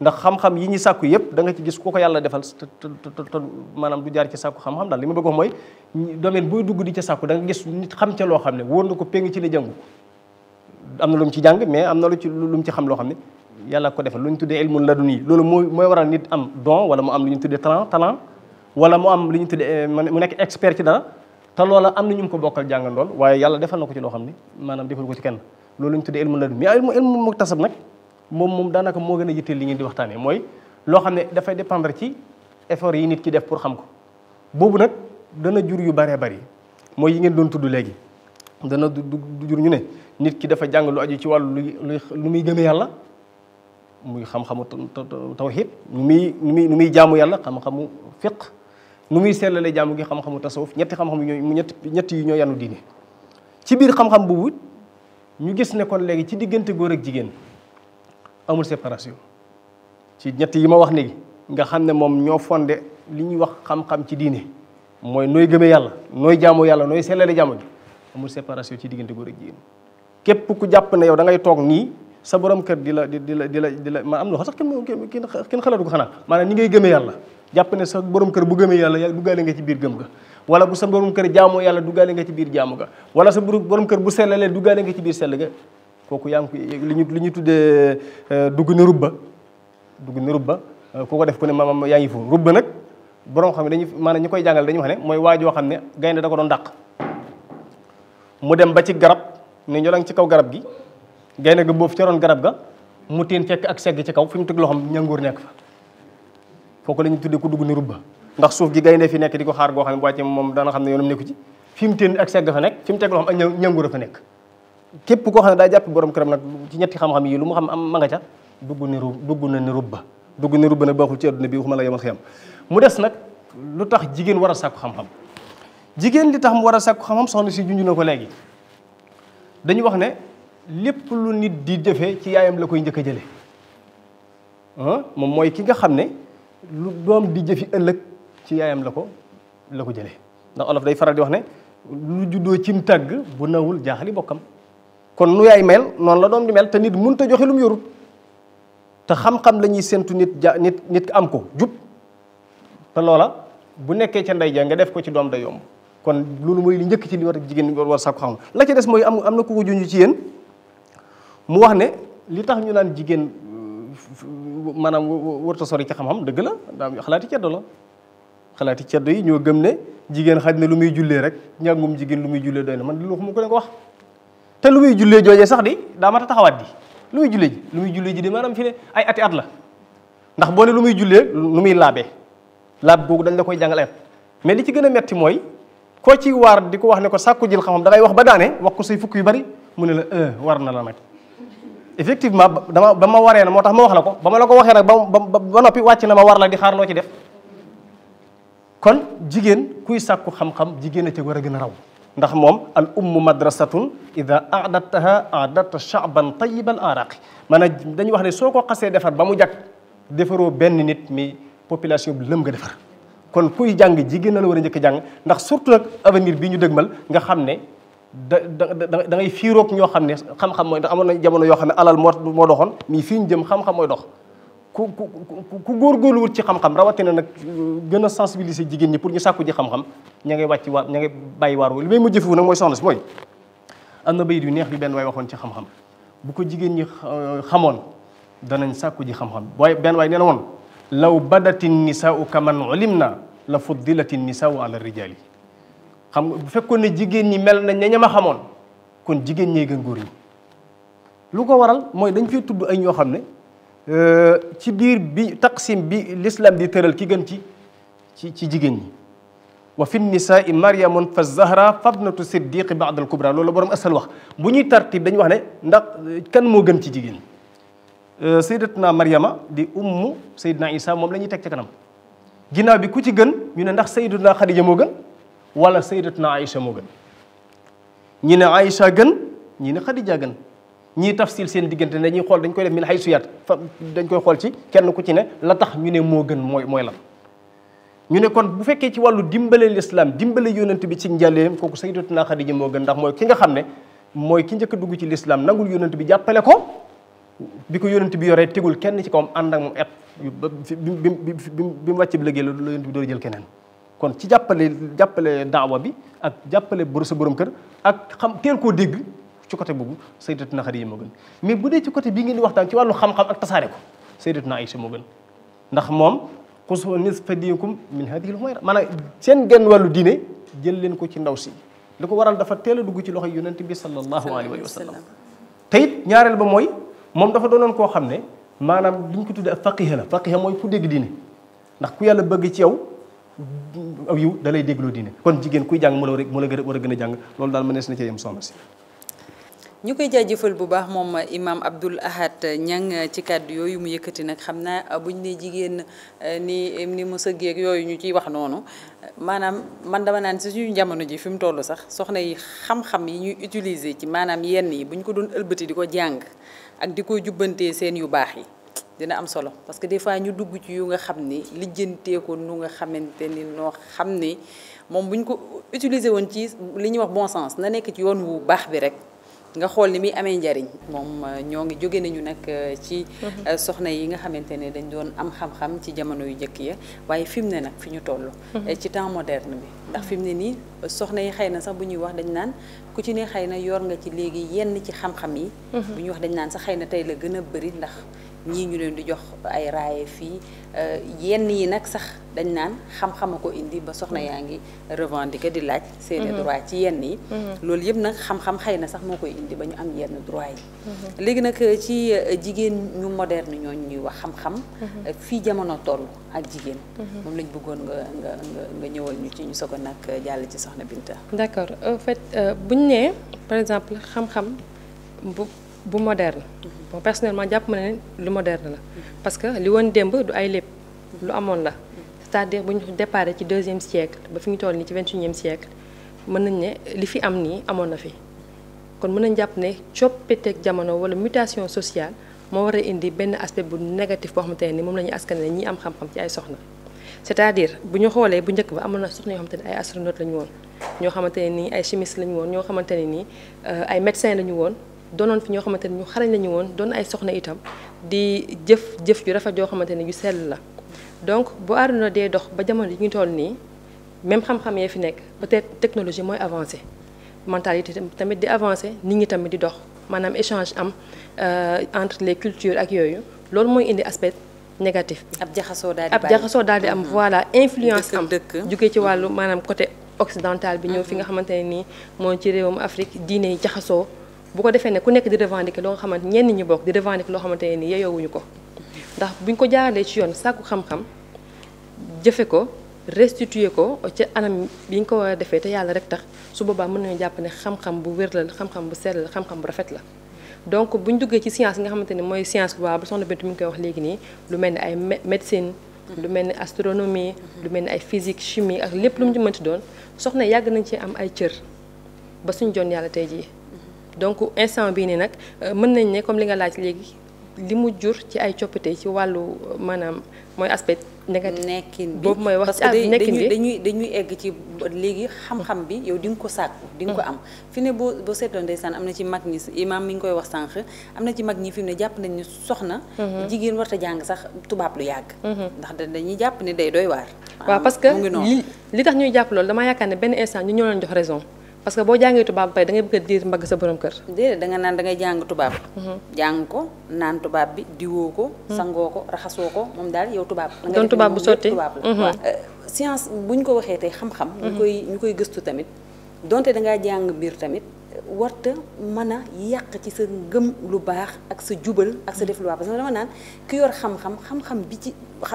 ndax xam-xam yi ñuy sakk yëpp da nga ci gis ku ko yàlla defal te te maanaam du jaar ci sàkku xam-xam daal li ma bëgg wax mooy domaine buy dugg di ca sàkku da nga gis nit xam ca loo xam ne wóor na ko péng ci la jàngu am na lu mu ci jàng mais am na lu ci lu mu ci xam loo xam ne yàlla ko defal lu ñu tuddee ilmul laduni loolu mooy mooy waral nit am don wala mu am lu ñu tuddee talent talent wala mu am lu ñu tuddee eh, mu nekk expert ci dara te loola am na ñu mu ko bokkal jàngandool waaye yàlla defal na ko ci loo xam ne maanaam defal ko ci kenn loolu ñu tuddee ilmul laduni mais ilmu ilmu muktasab nag moom moom daanaka moo gën a yitteel li ngeen di waxtaanee mooy loo xam ne dafay dépendre ci effort yi nit ki def pour xam ko boobu nag dana jur yu bëree bëri mooy yi ngeen doon tudd léegi dana jur ñu ne nit ki dafa jàng lu aju ci wàllu lu lu muy gëmee yàlla muy xam-xamu tawhid nu muy nu muy nu muy jaamu yàlla xam-xamu fiq nu muy sellalee jaamu gi xam-xamu tasawuf ñetti xam-xam yi ñooy ñett ñetti yi ñoo yanu diine ci biir xam-xam boobu ñu gis ne kon léegi ci diggante góor ak jigéen amul séparation ci ñett yi ma wax léegi nga xam ne moom ñoo fonde li ñuy wax xam-xam ci diine mooy nooy gëmee yàlla nooy jaamu yàlla nooy sellalee jaamu gi amul séparation ci diggante góor ak jigéen képp ku jàpp ne yow da ngay toog nii sa borom kër di la di la di la di la ma am loxo sax kenn kenn xalatu ko xanaa maanaam ni ngay gëmee yàlla jàpp ne sa borom kër bu gëmee yàlla duggaale nga ci biir gëm ga wala bu sa borom kër jaamoo yàlla duggaale nga ci biir jaamu ga wala sa borom kër bu sellalee duggaale nga ci biir sell ga kooku yaa ngi ko li ñu li ñu tuddee euh, dugg na rubba dugg na rubba euh, ku ko def ku ne maanaam yaa ngi fu rubba nag borom xam ne dañu a ñu koy jàngal dañu wax ne mooy waajoo xam ne gaynde da ko doon dàq dem ba ci garab ne ñoo lang ci kaw garab gi gaynde ga boofu ca roon garab ga mu teen fekk ak segg ci kaw fi mu teg loo loxoom ñangoor nekk fa foofu la ñu tuddee ku dugg ni rubba ndax suuf gi gaynde fi nekk di ko xaar goo xam ne bu moom dana xam ne yoonam nekku ci fi mu teen ak segg fa nekk fi mu teg loxoom a nekk képp koo xam ne daa jàpp borom këram nag ci ñetti xam-xam yi lu mu xam am ma nga ca dugg ni ru dugg na ni rubba dugg ni rubba nag baaxul ci adduna bi waxuma la yomal xiyam mu des nag lu tax jigéen war a sàkku xam-xam jigéen li tax mu war a sàkku xam-xam soxna si junj na ko léegi dañu wax ne lépp lu nit di jëfee ci yaayam la koy njëkk a jële moom mooy ki nga xam ne lu doom di jëfi ëllëg ci yaayam la ko la ko jële ndax olof day faral di wax ne lu juddoo cim tàgg bu nawul jaaxali bokkam kon nu yaay mel noonu la doom di mel te nit mënut a joxe lu mu yorut te xam-xam la ñuy nit ja nit nit am ko jub te loola bu nekkee ca ndey ja nga def ko ci doom da yomb kon loolu mooy li njëkk ci li war a jigéen war sàkku xam la ci des mooy am am na ku ko junj ci yéen mu wax ne li tax ñu naan jigéen maanaam warta sori ci xam-xam dëgg la daa xalaati ceddo la xalaati ceddo yi ñoo gëm ne jigéen xaj na lu muy jullee rek njàngum jigéen lu muy jullee doy na man lu ma ko ne ko wax te lu muy jullee joojee sax di daa mat a taxawaat di lu muy jullee ji lu muy jullee ji di maanaam fi ne ay ati at la ndax boo ne lu muy jullee lu muy laabee laab googu dañ la koy jàngal mais li ci gën a metti mooy koo ci waar di ko wax ne ko sàkku jël xam-xam da wax ba daane wax ko say fukk yu bari mu ne la euh, war na la nag effectivement dama ba ma waree na moo tax ma wax la ko ba ma la ko waxee nag ba ba noppi wàcc ma war la di xaar loo jigéen kuy sàkku xam jigéen a ca war a gën a raw ndax moom al ummu madrasatun ida aadattaha aadatta shaaban tayibal araqi maanaam dañuy wax ne soo ko xasee defar ba mu jag defaroo benn nit mi population bi lam nga defar kon kuy jàng jigéen la la war a njëkk jàng ndax surtout nag avenir bi ñu dëgmal nga xam ne da da da ngay fiiroog ñoo xam ne xam-xam mooy ndax amoon na jamono yoo xam ne alal moo moo doxoon mii fii ñu jëm xam-xam mooy dox ku ku ku góorgóorlu ci xam-xam rawatina nag euh, gën a sensibiliser jigéen ñi pour ñu sàkku ji xam-xam ña ngay wàcc waar ña ngay bàyyi waar li may mujj fu nag mooy soxna si mooy am na bayit yu neex bi benn waay waxoon ci xam-xam bu ko jigéen ñi euh, xamoon danañ sàkku ji xam-xam waaye benn waay nee na woon law badati nisaau kaman ulim na la fuddilati nisaau ala rijaali xam nga bu fekkoon ne jigéen ñi mel na ña ma xamoon kon jigéen ñee gën góor ñi lu ko waral mooy dañ fiy tudd ay ñoo xam ne euh, ci biir bi taqsim bi l'islam di tëral ki gën ci ci jigéen ñi wa fi nisaai mariamun fa zahra fabnatu siddiqi baad al kubra loolu borom asal wax bu ñuy tartib dañ wax ne ndax kan moo gën ci jigéen ñi Euh, sayyidatuna Maryama di ummu sayyidina Isa moom la ñuy teg ca ginaaw bi ku ci gën ñu ne ndax sayyidatuna Xadija moo gën wala sayyidatuna Aïcha moo gën ñi ne Aïcha gën ñi ne Xadija gën ñii tafsil seen diggante ne dañuy xool dañ koy def min haysu yaat fa dañ koy xool ci kenn ku ci ne la tax ñu ne moo gën mooy mooy lan. ñu ne kon bu fekkee ci wàllu dimbalee lislaam dimbale yonent bi ci njàlleem kooku sayyidatuna Xadija moo gën ndax mooy ki nga xam ne mooy ki njëkk dugg ci lislaam nangul yonent bi jàppale ko. bi ko yonent bi yoree tegul kenn ci kawam ànd ak moom et bi bi mu wàcc bi liggéey la yonent bi door jël keneen kon ci jàppale jàppale daawa bi ak jàppale bor sa borom kër ak xam teel koo dégg ci côté boobu Sayyidatuna Xadiija moo gën mais bu dee ci côté bii ngeen waxtaan ci wàllu xam-xam ak tasaare ko Sayyidatuna Aysa moo gën ndax moom xus nisfa diinikum min haadihi l-humayra maanaam seen genn wàllu diine jël leen ko ci ndaw si li ko waral dafa teel a dugg ci loxoy yonent bi sallallahu alayhi wa sallam te ñaareel ba mooy moom dafa doonoon koo xam ne maanaam li ñu ko tuddee ak faqiha la faqiha mooy ku dégg diine ndax ku yàlla bëgg ci yow aw yiw da lay dégloo diine kon jigéen kuy jàng mu la rek mu la a gën a jàng loolu daal mënees na cee yem ñu koy jaajëfal bu baax moom imaam Abdoul Ahad Niang ci kàddu yooyu mu yëkkati nag xam naa bu buñ ne jigéen eh, ni ni mu sëggeeg yooyu ñu ciy wax noonu maanaam man dama naan si suñu jamono ji fi mu toll sax soxna yi xam-xam yi ñuy utiliser ci maanaam yenn yi buñ ko doon ëlbati di ko jàng. ak di koy jubbantee seen yu baax yi dina am solo parce que des fois ñu dugg ci yu nga xam ni lijjantee ko nu nga xamante ni noo xam ni moom bu ñu ko utiliser woon ci li ñu wax bon sens na nekk ci yoon wu baax bi rek. nga xool ni muy amee njariñ moom euh, ñoo ngi jóge nañu nag euh, ci mhm. euh, soxna yi nga xamante ne dañ doon am xam-xam ci jamono yu njëkk ya waaye fi mu ne nag fi ñu toll mhm. ci temps moderne bi ndax fi mu ne nii soxna yi xëy na sax bu ñuy wax dañ naan ku ci ne xëy na yor nga ci léegi yenn ci xam-xam yi mhm. bu ñuy wax dañ naan sax xëy na tey la gën a bëri ndax ñii ñu leen di jox ay raaye fii euh, yenn yi nag sax dañ naan xam-xama ko indi ba soxna yaa ngi revendiquer di laaj seeni mhm. droit ci yenn yi mhm. loolu yëpp nag xam-xam xëy na sax moo koy indi ba ñu am yenn droit yi mhm. léegi nag euh, ci euh, jigéen ñu moderne ñooñu ñuy wax xam-xam fii jamono toll ak jigéen moom lañ bëggoon nga nga nga ñëwal ñu ci ñu soog a nag jàll ci soxna Binta d'accord en fait buñ nee par exemple xam-xam bu moderne mhm. bon personnellement jàpp ma lu moderne la mhm. parce que li woon démb du ay lépp mhm. lu amoon la c'est-à-dire bu ñu déparé ci deuxième siècle ba fi ñu toll nii ci vingt-et-unième siècle mën nañ ne li fi am nii amoon na fi kon mën nañ jàpp ne coppiteeg jamono wala mutation sociale moo war a indi benn aspect bu négatif boo xamante ne ni moom la askan askane ñi am xam-xam ci ay soxna c'est-à-dire bu ñu xoolee bu njëkk ba amoon na soxna yoo xamante ay astronautes la ñu woon ñoo xamante ne nii ay chimistes la woon ñoo xamante ne nii euh, ay médecins la ñu woon doonoon fi ñoo xamante ne ñu xarañ lañu woon doon ay soxna itam di jëf jëf ju rafet yoo xamante ne yu sell la donc bu àdduna dee dox ba jamono yi ñu toll nii même xam-xam yee fi nekk peut-être technologie mooy avancé mentalité tamit di avancé nit ñi tamit di dox maanaam échange am euh, entre les cultures ak yooyu loolu mooy indi aspect négatif bi. ab jaxasoo daal ab jaxasoo daal di am mm-hmm. voilà influence am jugee ci wàllu maanaam côté occidental bi ñëw fi mm-hmm. nga xamante ne nii mooy ci réewum Afrique diine jaxasoo. bu ko defee ne ku nekk di revendiquer loo nga xamante ñenn ñi bokk di revendiquer loo xamante ne ni yeyoowuñu ko ndax buñ ko jaaralee ci yoon sàkku xam-xam jëfe ko restituer ko ci anam bi ñu ko war defee te yàlla rek tax su boobaa mën nañu jàpp ne xam bu wér la xam-xam bu sell la xam-xam rafet la donc buñ duggee ci science nga xamante ne mooy science bu baax ba soxna koy wax léegi nii lu mel ni ay médecine lu mel ni astronomie lu mel ni ay physique chimie ak lépp lu mu ci doon soxna yàgg nañ ci am ay cër ba suñ joon yàlla tey jii donc instant bii nii nag euh, mën nañ ne comme li nga laaj léegi li mu jur ci ay coppite ci wàllu euh, maanaam mooy aspect négatif nekkin bi boobu mooy wax ci ah, nekkin bi dañuy dañuy egg ci léegi xam-xam bi yow di nga ko sàkku di nga ko mm. am fi ne boo boo seetloo ndeysaan am na ci mag ñi imaam mi ngi koy wax sànq am na ci mag ñi fi ne jàpp nañ ne soxna mm-hmm. jigéen warta jàng sax tubaab lu yàgg mm-hmm. ndax dañuy jàpp ne day doy waar waaw parce que li tax ñuy jàpp loolu dama yaakaar ne benn instant ñu ñoo leen jox raison parce que boo jàngee tubaab pare da ngay a diir mbagg sa borom kër. déedéet da nga naan da ngay jàng tubaab. Mhm. jàng ko naan tubaab bi diwoo ko. Mhm. sangoo ko raxasoo ko moom daal yow tubaab. doon tubaab bu sotti tubaab la. Mhm. Euh, science bu ñu ko waxee tey xam-xam. ñu koy gëstu tamit donte da ngaa jàng mbir tamit. warta mën a yàq ci sa ngëm lu baax ak sa jubal ak sa def lu baax parce que dama naan ki yor xam-xam xam-xam bi ci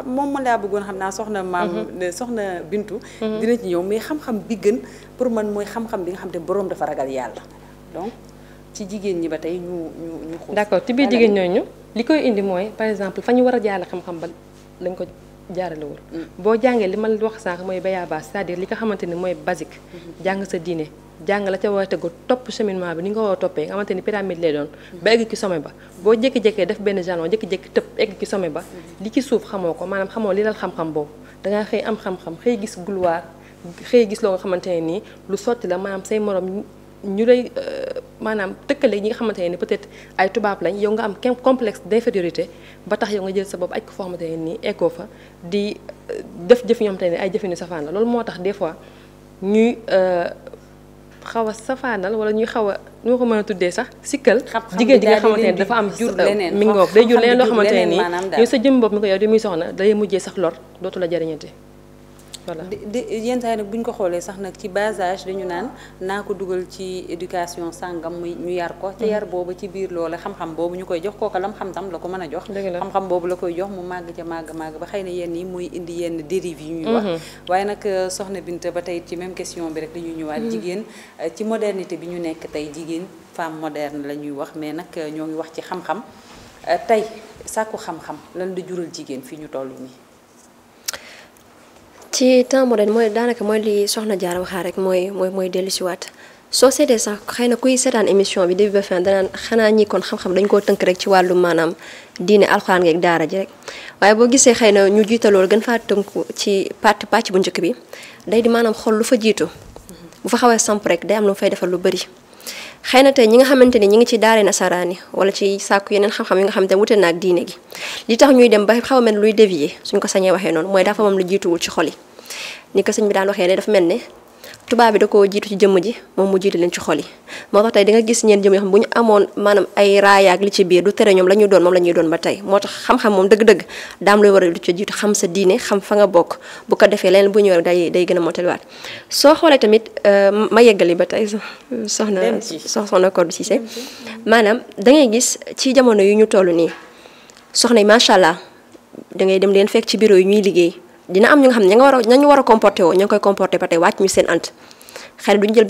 moom ma laa bëggoon xam naa soxna maam mhm. soxna Bintu mhm. dina ci ñëw mais xam-xam bi gën pour man mooy xam-xam bi nga xam te boroom dafa ragal yàlla donc ci jigéen ñi ba tey ñu ñu ñu xuus d'accord ci biir jigéen ñooñu li koy indi mooy par exemple fa ñu war a jaale xam-xam ba lañ ko jaarale mm. boo jàngee li ma wax sànq mooy bayaaba cest à li nga xamante ni mooy basique mhm. jàng sa diine jàng la ca war tegu topp cheminement bi ni nga ko toppee nga xamante ni pyramide lay doon ba egg ci sommet ba boo jékki-jékkee def benn jalon jékki-jékki tëb egg ci sommet ba li ci suuf xamoo ko maanaam xamoo li dal xam-xam boobu am xam xëy gis gloire xëy gis loo xamante ne nii lu sotti la maanaam say morom ñu lay euh, maanaam tëkkale ñi nga xamante ne peut-être ay tubaab lañ yow nga am complexe d'infériorité ba tax yow nga jël sa bopp aj foo xamante ne nii eggoo fa di euh, def jëf ne ay jëfinu safaan la loolu moo tax des fois ñuy euh, xaw a safaanal wala ñuy xaw a ñoo ko mën a tuddee sax sikkal jigéen ji nga xamante ne dafa am jur mi ngoog day jur leneen loo xamante ne nii yow sa jëm mi ko yow di muy soxna day mujjee sax lor dootu la voilà di yenn saa yi nag bu ñu ko xoolee sax nag ci basage âge dañu naan naa ko dugal ci éducation sàngam muy ñu yar ko te mhm. yar boobu ci biir loole xam-xam boobu ñu koy jox kooka lam xam-xam la ko mën a jox xam-xam boobu la koy jox mu màgg ca màgg màgg ba xëy na yenn yi muy indi yenn dérive yi ñuy wax mhm. waaye nag euh, soxna Binta ba tey ci même question bi rek dañuy ñëwaat mhm. jigéen euh, ci modernité bi ñu nekk tey jigéen femme moderne la ñuy wax mais nag euh, ñoo ngi wax ci xam tey sàkku xam lan la jural jigéen fi ñu toll nii ci temps moderne mooy daanaka mooy li soxna jaar waxaa rek mooy mooy mooy dellu si waat soo seetee sax xëy na kuy seetaan émission bi début ba fin danaan xanaa ñi kon xam-xam dañ koo tënk rek ci wàllu maanaam diine alxuraan ngeeg daara ji rek waaye boo gisee xëy na ñu jiitalool gën faa tënku ci pàcc pàcc bu njëkk bi day di maanaam xool lu fa jiitu bu fa xawee samp rek day am lu fay defal lu bëri xëy na tey ñi nga xamante ni ñi ngi ci daare nasaraani wala ci sàkku yeneen xam-xam yi nga xamante ne wute naag diine gi li tax ñuy dem ba xaw a mel luy dévier suñ ko sañee waxee noonu mooy dafa moom lu jiituwul ci xol yi ni ko sëñ bi daal waxee ne dafa mel ne tubaab bi da koo jiitu ci jëmm ji moom mu jiitu leen ci xol yi moo tax tey di nga gis ñeen jëmm yoo xam bu ñu amoon maanaam ay raayaak li ci biir du tere ñoom la ñu doon moom la ñuy doon ba tey moo tax xam-xam moom dëgg-dëgg daam looy war a lu jiitu xam sa diine xam fa nga bokk bu ko defee leneen bu ñëwee day day gën a mottaliwaat soo xoolee tamit euh, ma yeggali ba tey soxna soxna Codou Cissé maanaam da ngay gis ci jamono yu ñu toll nii soxna yi macha allah da ngay dem leen fekk ci bureau yi ñuy liggéey dina am ñu nga xam ne ña nga war a ña ñu war a comporté woo ña ngi koy comporté ba tey wàcc ñu nga xam ne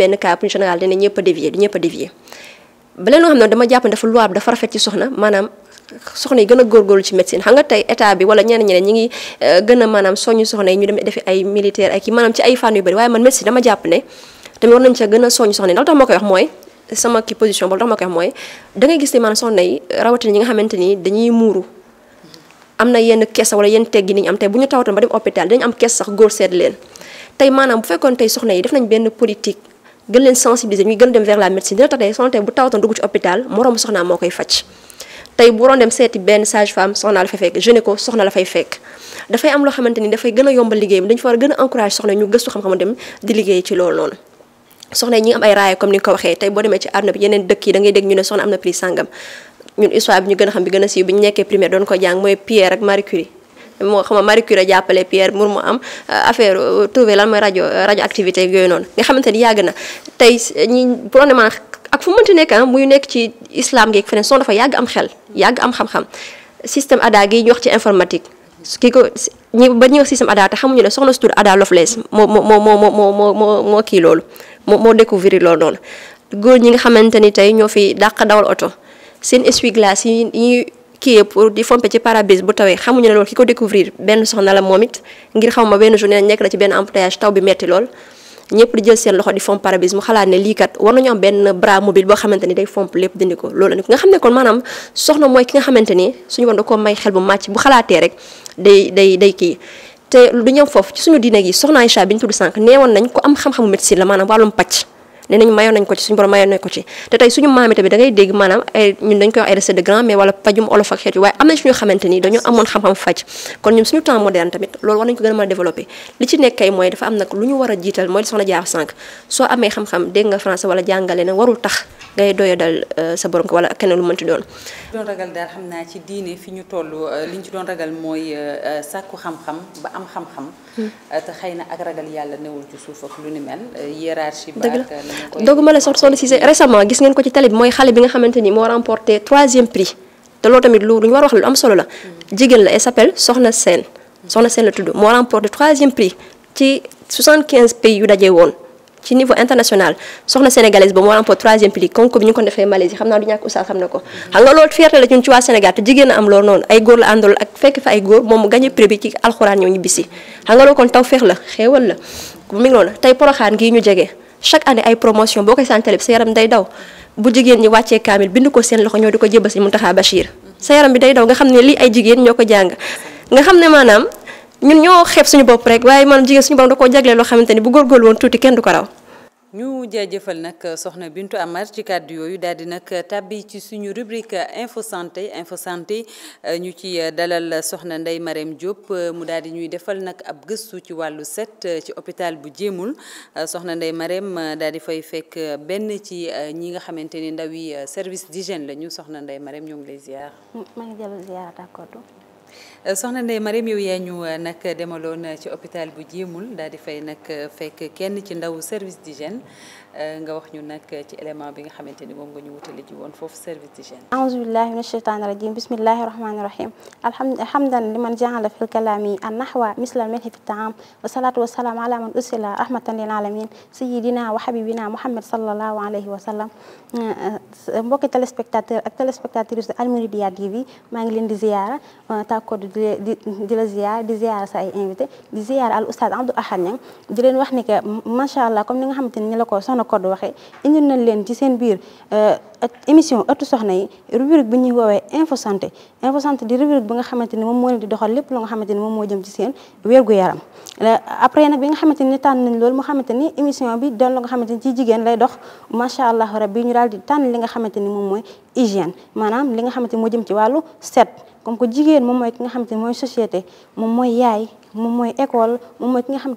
dama jàpp ne dafa luwaab dafa rafet maanaam soxna yi gën a góorgóorlu ci médecine xam nga tey état bi wala ñenn ñeneen ñi ngi euh, gën a maanaam soññu soxna yi ñu dem defi ay militaire ay kii ay fànn yu bëri waaye man médecine dama jàpp ne tamit war nañ ca gën a soññu soxna yi loolu tax ma koy wax mooy sama ki position boobu tax ma koy wax mooy da gis ne maanaam soxna yi rawatina ñi nga xamante ni dañuy muuru am na yenn kees wala yenn teggi ni ñu am tey bu ñu tawatoon ba dem hôpital dañu am kees sax góor seet leen tey maanaam bu fekkoon tey soxna yi def nañ benn politique gën leen sensibiliser ñuy gën dem vers la médecine dina tax tey soxna tey bu tawatoon dugg ci hôpital moroom soxnaa moo koy facc tey bu doon dem seeti benn sage femme soxna la fay dafay gën a yombal liggéey bi dañu fa war a ñu gëstu xam-xam dem di liggéey ci loolu noonu soxna yi ñi am ay raaya comme ni nga ko waxee tey boo demee ci àdduna bi yeneen dëkk yi da ngay dégg ñu ne soxna am na prix sàngam ñun histoire bi ñu gën a xam bi gën a siiw bi ñu nekkee primaire doon ko jàng mooy Pierre ak Marie moo xam Marie Curie jàppale Pierre pour mu am euh, affaire euh, trouvé lan mooy rajo euh, radioactivité yooyu noonu nga xamante ni yàgg na tey ñi probablement ak fu mënti nekk ah muy nekk ci islam geeg feneen son dafa yàgg am xel yàgg am xam système ADA gi ñu wax ci informatique kii ko ñi ba ñuy wax système ADA te xamuñu ne soxna si tur Ada Lovelace moo moo moo moo moo moo moo moo kii loolu moo moo découvrir loolu noonu góor ñi nga xamante ni tey ñoo fi dàq dawal oto seen essuie-glace yi ñuy kii pour di fompe ci pare bu tawee xamuñu ne loolu ki ko découvrir benn soxna la moom it ngir xaw ma benn journée nekk na ci benn embouteillage taw bi metti lool ñëpp di jël loxo di fomp pare-brise lii kat war nañu am benn bras mobile boo xamante ni day fomp lépp dindi ko loolu nga xam ne kon maanaam soxna mooy ki nga xamante ni suñu woon da ko may xel bu màcc bu xalaatee rek day day kii te du ñëw foofu ci suñu diine gi soxna Aïcha bi ñu tudd sànq neewoon nañ ko am xam-xamu médecine la maanaam wàllum pàcc ne nañ mayoon nañ ko ci suñu borom mayoon nañ ko ci te tey suñu maam yi tamit da ngay dégg maanaam ay ñun dañ koy wax ay recette de grand mais wala pajum olof ak xeet waaye am ni dañoo amoon xam-xam faj kon ñun suñu a mën a développer li mooy dafa am nag a jiital mooy soxna jaar soo amee xam-xam dégg nga français wala jàngale na warul tax ngay doya dal euh, sa borom ko wala keneen lu mënti doon doon ragal daal xam naa ci diine fi ñu toll euh, liñ ci doon ragal mooy euh, sàkku xam-xam ba am xam-xam hmm. xëy na ak ragal yàlla newul ci suuf ak lu ni mel hiérarchie ba doguma la sox soxna Cissé récemment gis ngeen ko ci télé bi mooy xale bi nga xamante ni moo remporté troisième prix te loolu tamit lu ñu war a wax lu am solo la jigéen la elle s'appelle Soxna Sène Soxna Sène la tudd moo remporté troisième prix ci 75 pays yu daje woon ci niveau international soxna sénégalaise ba moo remporté troisième prix concours bi ñu ngi ko defee Malaisie xam naa du ñàkk oustaz xam na ko xam nga loolu fierté la ñun ci waa chaque année ay promotion boo koy santale sa yaram day daw bu jigéen ñi wàccee kaamil bind ko seen loxo ñoo di ko jébal si Mountakha Bachir sa yaram bi day daw nga xam ne lii ay jigéen ñoo ko jàng nga xam ne maanaam ñun ñoo xeeb suñu bopp rek waaye maanaam jigéen suñu borom da koo jagleel loo xamante ni bu góorgóorlu woon tuuti kenn du ko raw ñu jaajëfal nag soxna Bintu Amar ci kàddu yooyu daal di nag tàbbi ci suñu rubrique info santé info santé ñu ci dalal soxna ndey Marème Diop mu daal di ñuy defal nag ab gëstu ci wàllu set ci hôpital bu jéemul soxna ndey Marème daal di fay fekk benn ci ñi nga xamante ni ndaw yi service d'hygiène la ñu soxna ndey Marème ñoo ngi lay ziar. maa ngi jël soxna Ndeye Marieme yow yaa ñu euh, nag demaloon euh, ci hôpital bu jiimul daal di fay nag euh, fekk kenn ci ndaw service d'hygiène Euh, nga wax ñu nag ci élément bi nga xamante ni moom nga ñu wutale ji woon foofu service d'hygiène aouzu billahi min asheytaani rajim bismillahi rahmani rahim alhamdan liman jaala fil kalami an nahwa misla melhi fi taam wa salaatu wa salaam ala man ursila rahmatan lil alamin sayidina wa habibina muhammad sallallahu alayhi wa sallam mbokki téléspectateur ak téléspectatrice de Almouridiyyah TV maa ngi leen di ziyaara tàkkood di di la ziyaara di ziyaara sa ay invité di ziyaara al oustaz Abdou Ahad Niang di leen wax ni que macha allah comme ni nga xamante ni la ko soxna code waxee indi nañ leen ci seen biir euh, émission ëttu soxna yi rubrique bi ñuy woowee info santé info santé di rubrique bi nga xamante ni moom mooy leen di doxal lépp lu nga xamante ni moom moo jëm ci seen wérgu yaram euh, nga xamante ni tànn nañ loolu mu xamante ni émission bi doon xamante ni ci jigéen lay dox macha allah rabbi ñu di tànn li nga xamante ni moom mooy hygiène maanaam li nga xamante ni moo jëm ci wàllu set comme que jigéen moom mooy ki nga xamante ne mooy société moom mooy yaay moom mooy école moom mooy ki nga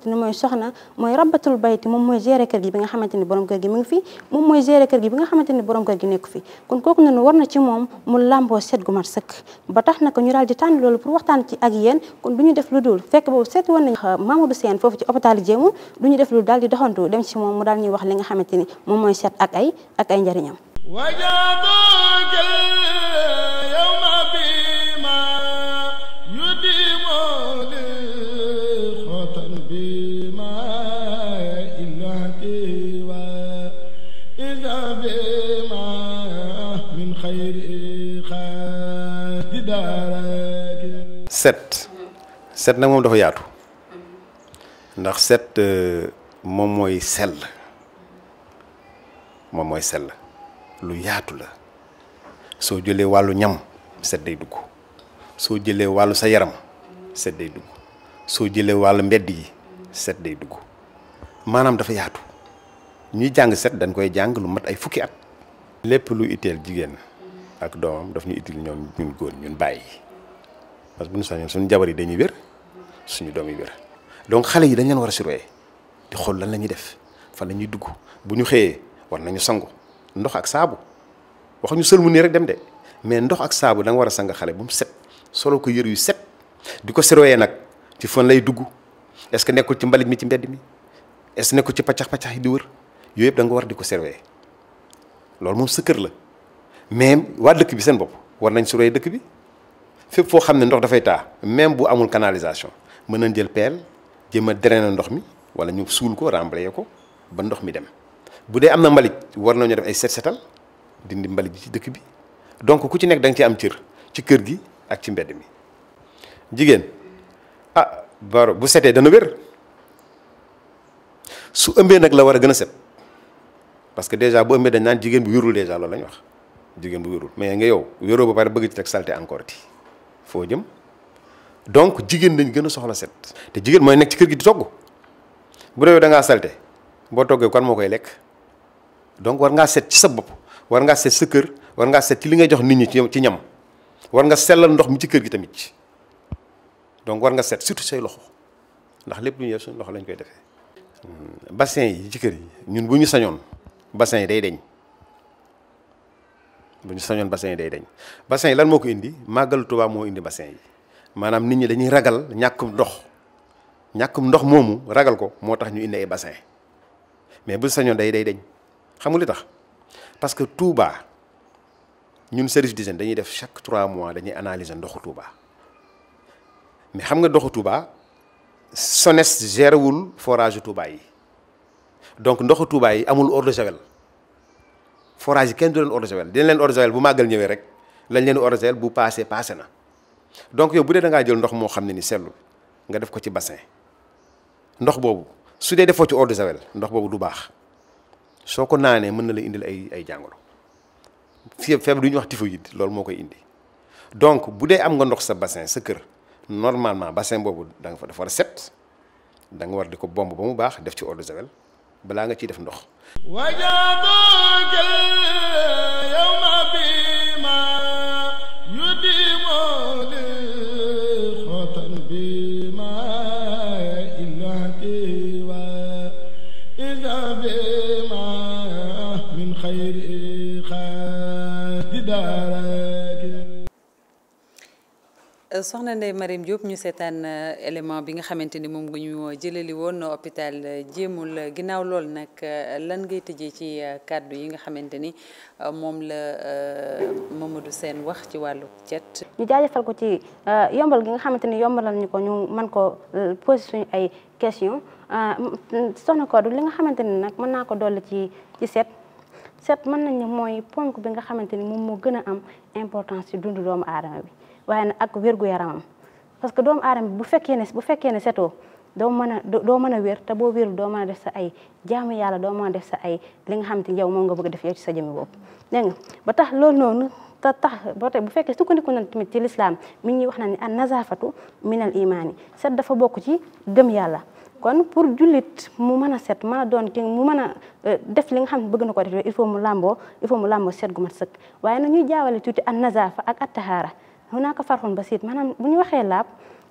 na ci moom mu làmboo seet gu mat sëkk ba tax na ko ñu daal di tànn loolu pour waxtaan ci ak yéen kon du ñu def set set nag moom dafa yaatu ndax set euh, moom mooy sell lu yaatu la soo jëlee wàllu ñam set day dugg soo jëlee wàllu sa yaram set day dugg soo jëlee wàllu mbedd yi set day dugg maanaam dafa yaatu ñuy jàng set dañ koy jàng lu mat ay fukki at. lépp lu itteel jigéen ak doomam daf ñu itteel ñoom ñun góor ñun bàyyi parce que bu ñu sañoon suñu jabar yi dañuy wér suñu doom yi wér donc xale yi dañ leen war a surveiller di xool lan la ñuy def fan lañuy ñuy dugg bu ñu xëyee war nañu sangu ndox ak saabu waxuñu sëlmu nii rek dem de mais ndox ak saabu da nga war a sang xale bu mu solo ko yër yu set di ko séroyee nag ci fan lay dugg est-ce que nekkul ci mbalit mi ci mbedd mi est-ce que nekkul ci paccax-paccax yi di wër yooyu yëpp da war di ko séroyee loolu moom sa kër la mais waa dëkk bi seen bopp war nañ séroyee dëkk bi fépp foo xam ne ndox dafay taa même bu amul canalisation mën nañ jël peel jéem a na ndox mi wala ñu suul ko remblayer ko ba ndox mi dem bu dee am na mbalit war nañu def ay set setal dindi mbalit bi ci dëkk bi donc ku ci nekk da ci am cër ci kër gi ak ci mbedd mi jigéen ah baro bu setee dana wér su ëmbee nag la war a gën a set parce que déjà bu ëmbee dañ naan jigéen bu wérul déjà loolu lañ wax jigéen bu wérul mais nga yow wéroo ba pare bëgg ci teg salté encore ti foo jëm donc jigéen dañ gën a soxla set te jigéen mooy nekk ci kër gi di togg bu dee da ngaa salté boo toggee kon moo koy lekk donc war ngaa set ci sa bopp war ngaa set sa kër war ngaa set ci li ngay jox nit ñi ci ñam war nga sellal ndox mi ci kër gi tamit donc war nga set surtout say loxo ndax lépp lu ñuy def loxo lañ koy defee. Hmm, bassin yi ci kër yi ñun bu ñu sañoon bassin yi day deñ bu ñu bassin yi day deñ bassin lan moo ko indi màggalu Tuubaa moo indi bassin yi maanaam nit ñi dañuy ragal ñàkkum ndox ñàkkum ndox moomu ragal ko moo tax ñu indi ay bassin mais bu sañoon day day deñ xam nga li tax Tuubaa ñun service d'hygiène dañuy def chaque trois mois dañuy analyser ndoxu Touba mais xam nga ndoxu Touba SONES gérewul forage Touba yi donc ndoxu Touba yi amul eau forage yi kenn du leen eau de dina leen eau bu màggal ñëwee rek lañ leen eau bu paasee paase na donc yow bu dee da jël ndox moo xam ne ni sellul nga def ko ci bassin ndox boobu su dee defoo ci eau ndox boobu du baax soo ko naanee mën na la indil ay ay jàngoro. feebar yu ñuy wax typhoïde loolu moo koy indi donc bu dee am nga ndox sa bassin sa kër normalement bassin boobu danga nga fa dafa war a set da nga war di ko bomb ba mu baax def ci eau de balaa nga ciy def ndox. wajaboo yow ma soxna Ndeye Marieme Diop ñu seetaan euh, élément bi nga xamante ni moom nga ñu jëlali woon hôpital jéemul ginnaaw lool nag euh, lan ngay tëjee ci euh, kàddu yi nga xamante ni moom la Mamadou Sène wax ci wàllu cet ñu jaajëfal ko ci yombal gi nga xamante ni yombalal ñu ko ñu mën ko posé ay question soxna Kodou li nga xamante ni nag mën naa ko dolli ci ci set set mën nañu mooy ponk bi nga xamante ni moom moo gën a am importance ci dundu doomu aadama bi waaye nag ak wér-gu-yaramam parce que doom aram bu fekkee ne bu fekkee ne setoo doo mën a doo mën a te boo wérul doo mën def sa ay jaamu yàlla doo mën a def sa ay li nga xam te yow moom nga bëgg def ci sa jëmmi bopp dégg ba tax loolu noonu te tax ba tey bu fekkee sukkandiku na tamit ci lislaam mi ngi wax na ni an nazafatu minal imaani set dafa bokk ci gëm yàlla kon pour jullit mu mën a set mën doon ki mu mën a euh, def li nga xam ne bëgg na ko def il faut mu làmboo il faut mu làmboo set gu mat sëkk waaye na ñuy jaawale tuuti an nazafa ak at tahaara hunaaka farxun basiit maanaam bu ñu waxee laab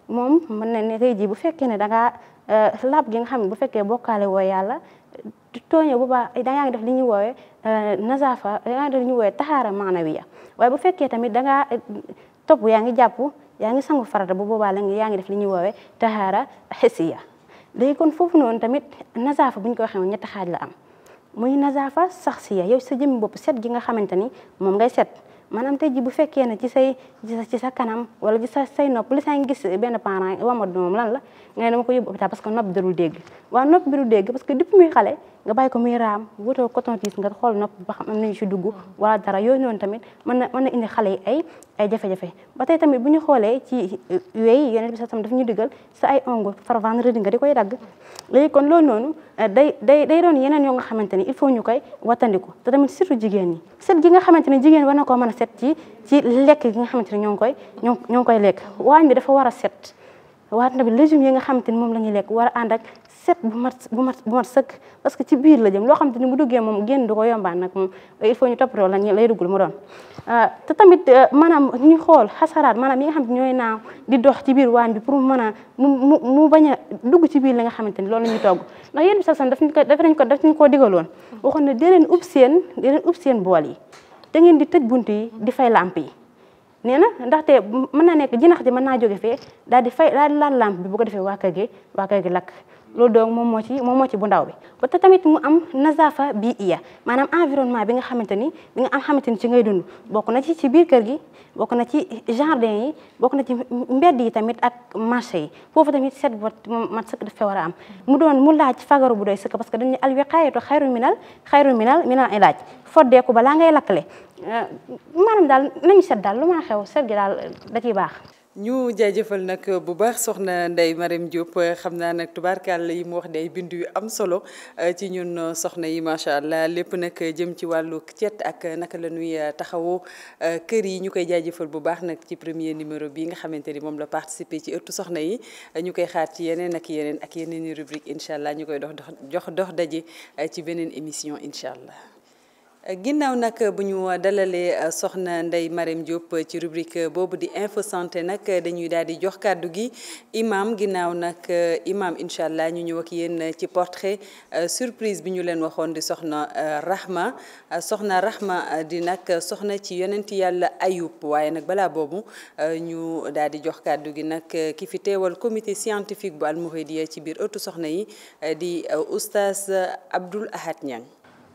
moom mën na ne tey jii bu fekkee ne da ngaa euh, laab gi nga xam ne bu fekkee bokkaale woo yàlla tooñe bu baax da ngaa def li ñuy woowee euh, nazafa da ngaa def ñuy woowee taxaara maanawiya waaye bu fekkee tamit da ngaa topp yaa ngi jàpp yaa ngi sangu farata bu boobaa la yaa ngi def li ñuy woowee taxaara xisiya léegi kon foofu noonu tamit nazafa bu ñu ko waxee ñetti xaaj la am muy nazafa saxsiya yow sa jëmmi bopp set gi nga xamante ni moom ngay set maanaam tey ji bu fekkee ne ci say ci sa kanam wala ci sa say nopp li saa ngi gis benn parent wamat bi moom la nga ne dama ko yóbbu hôpital parce que nopp bi darul dégg waaw nopp bi du dégg parce que depuis muy xale nga bàyyi ko muy raam wutoo coton tige nga xool nopp ba xam am nañu ci dugg wala dara yooyu noonu tamit mën na mën indi xale yi ay ay jafe-jafe ba tey tamit bu ñu xoolee ci euh, wéy yeneen bi sax tamit daf ñu digal sa ay ongle par vendredi nga di koy dagg léegi kon loolu noonu euh, day day day doon yeneen yoo nga xamante ni il faut ñu koy wattandiku te tamit surtout jigéen ñi set gi nga xamante ni jigéen war na koo mën a set ci ci lekk gi nga xamante ni ñoo ngi koy ñoo ngi koy lekk waañ bi dafa war a set waaye tamit légumes yi nga xamante ni moom la ñuy lekk war a ànd set bu mat bu mat bu sëkk parce que ci biir la jëm loo xam te ni mu duggee moom génn du ko yombaan nag moom il faut ñu toppatoo la lay duggul mu doon euh, te tamit euh, maanaam ñu xool xasaraat maanaam yi nga xam ne ñooy naaw di dox ci biir waañ bi pour mu mën a mu mu bañ dugg ci biir la nga xamante ni loolu la ñuy togg ndax yéen bi sax sax daf ñu ko daf nañ ko koo digaloon waxoon ne dee leen ub seen dee leen ub seen bool yi te ngeen di tëj bunt yi di fay lamp yi nee na ndaxte mën na nekk jinax ji mën naa jóge fee daal di fay daal di laal lamp bi bu ko defee waa kër gi gi lakk loolu donc moom moo ci moom moo bu ndaw bi ba te tamit mu am nazafa bi iya maanaam environnement bi nga xamante ni bi nga am xamante ni ci ngay dund bokk na ci ci biir kër gi bokk na ci jardin yi bokk na ci mbedd yi tamit ak marché yi foofu tamit set ba moom mat sëkk dafa war am mu doon mu laaj fagaru bu doy sëkk parce que dañuy al wiqaayatu xayru minal xayru minal minal ilaaj foddeeku balaa ngay lakkale euh, maanaam daal nañu set daal lu ma xew set gi daal da ciy baax ñu jaajëfal nag bu baax soxna Ndeye Marème Diop xam naa nag tubaarkàlla yi mu wax day bind yu am solo euh, ci ñun soxna yi macha allah lépp nag jëm ci wàllu cet ak naka la ñuy taxawoo euh, kër yi ñu koy jaajëfal bu baax nag ci premier numéro bi nga xamante ni moom la participer ci ëttu soxna yi ñu koy xaar ci yeneen ak yeneen ak yeneen i rubrique incha allah ñu koy dox dox jox dox daje euh, ci beneen émission incha allah. ginnaaw nag bu ñu dalalee euh, soxna ndey Marème Diop euh, ci rubrique euh, boobu di info santé nag dañuy daal di jox kàddu gi imaam ginnaaw nag imaam incha allah ñu ñëw ak ci portrait surprise bi ñu leen waxoon di soxna Rahma soxna Rahma di nag soxna ci yonent yàlla Ayub waaye nag balaa boobu ñu daal di jox kàddu gi nag ki fi teewal comité scientifique bu Almouridiya ci biir ëttu soxna yi di oustaz Abdoul Ahad Niang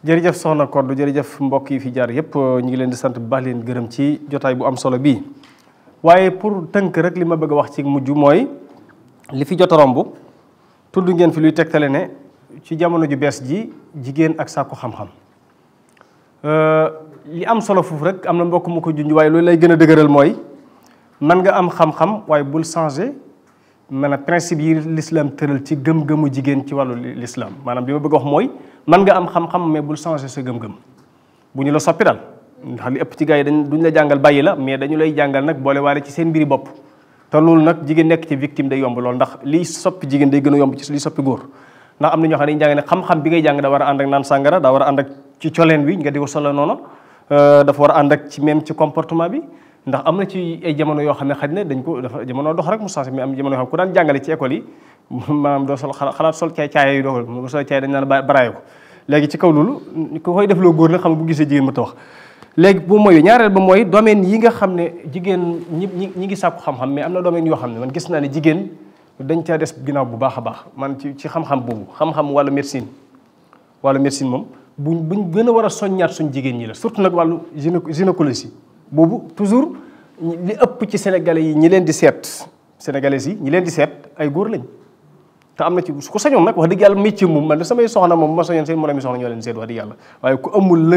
jërëjëf soxna Codé jërëjëf mbokk yi fi jaar yëpp ñu ngi leen di sant bu baax leen gërëm ci jotaay bu am solo bii waaye pour tënk rek li ma bëgg a wax ci mujj mooy li fi jot a romb tudd ngeen fi luy tegtale ne ci jamono ju bees ji jigéen ak sàkku xam-xam li am solo foofu rek am na mbokk mu ko junj waaye loolu lay gën a dëgëral mooy man nga am xam-xam waaye bul changé maanaam principe yi l'islam tëral ci gëm-gëmu jigéen ci wàllu lislaam maanaam bi ma bëgg wax mooy mën nga am xam-xam mais bul changer sa gëm-gëm bu ñu la soppi daal ndax li ëpp ci gars yi duñ la jàngal bàyyi la mais dañu lay jàngal nag boole waale ci seen mbiri bopp te loolu nag jigéen nekk ci victime day yomb ndax liy soppi jigéen day gën a yomb ci liy soppi góor ndax na ñoo xam ne ne xam bi ngay jàng daa war a ànd ak naan sàngara daa ak coleen bi nga di ko solo noonu euh, dafa war a ànd ci même ci comportement bi ndax am na ci ay jamono yoo xam ne xaj ne dañ ko dafa jamono dox rek mu changé mais am jamono yoo xam ku daan jàngale ci école yi maanaam doo sol xalaat sol caay caay yi doo ko bu sol caay dañ naan baraaye ko léegi ci kaw loolu ko koy defloo góor nag xam nga bu gisee jigéen mu tax léegi bu mooy ñaareel ba mooy domaine yi nga xam ne jigéen ñi ñi ngi sàkku xam-xam mais am na domaine yoo xam ne man gis naa ne jigéen dañ caa des ginnaaw bu baax a baax man ci ci xam-xam boobu xam-xam wàllu médecine wàllu médecine moom buñ buñ gën a war a soññaat suñ jigéen ñi la surtout nag wàllu gynécologie boobu toujours li ëpp ci sénégalais yi ñi leen di seet sénégalais yi ñi leen di seet ay góor lañ te am na ci ku sañoon nag wax dëgg yàlla métier moom man de samay soxna moom ma sañoon seen moromi soxna ñoo leen seet wax dëgg yàlla waaye ku amul la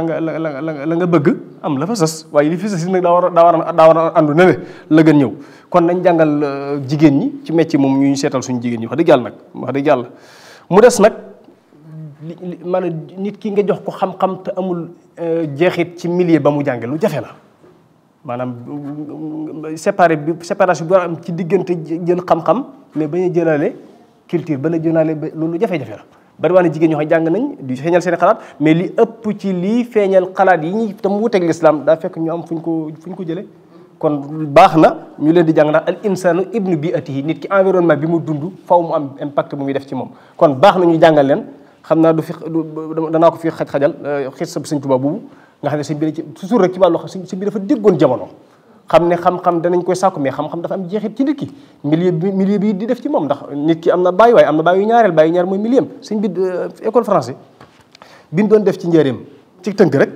nga la la la la nga bëgg am la fa sas waaye li fi sas yi nag daa war a daa war a daa a ñëw kon nañ jàngal euh, jigéen ñi ci métier moom ñuy seetal suñu jigéen ñi wax dëgg wax dëgg yàlla mu des nag maanaam nit ki nga jox ko xam-xam te amul euh, jeexit ci millier ba mu jànge lu jafe la maanaam séparé bi séparation bi am ci diggante jël xam-xam mais bañ a jëlaale culture ba la jëlaale ba loolu jafe-jafe la bari waa jigéen ñoo xam jàng nañ di feeñal seen xalaat mais li ëpp ci lii feeñal xalaat yi ñuy tam wuteeg lislaam daa fekk ñu am fuñ ko fuñ ko jëlee kon baax na ñu leen di jàng ndax al insaanu ibnu bi atihi nit ki environnement bi mu dund faw mu am impact mu muy def ci moom kon baax na ñu jàngal leen xam naa du fi danaa ko fi xaj-xajal xis sab sëñ Tuubaa nga xam ne sëñ bi ci toujours rek ci wàllu sëñ bi dafa déggoon jamono xam ne xam-xam danañ koy sàkku mais xam-xam dafa am jeexit ci nit ki milieu bi milieu bi di def ci moom ndax nit ki am na bàyyi waaye am na bàyyi yu ñaareel bàyyi ñaar mooy milieu am sëñ bi euh, école français bi ñu def ci njëriñam ci tënk rek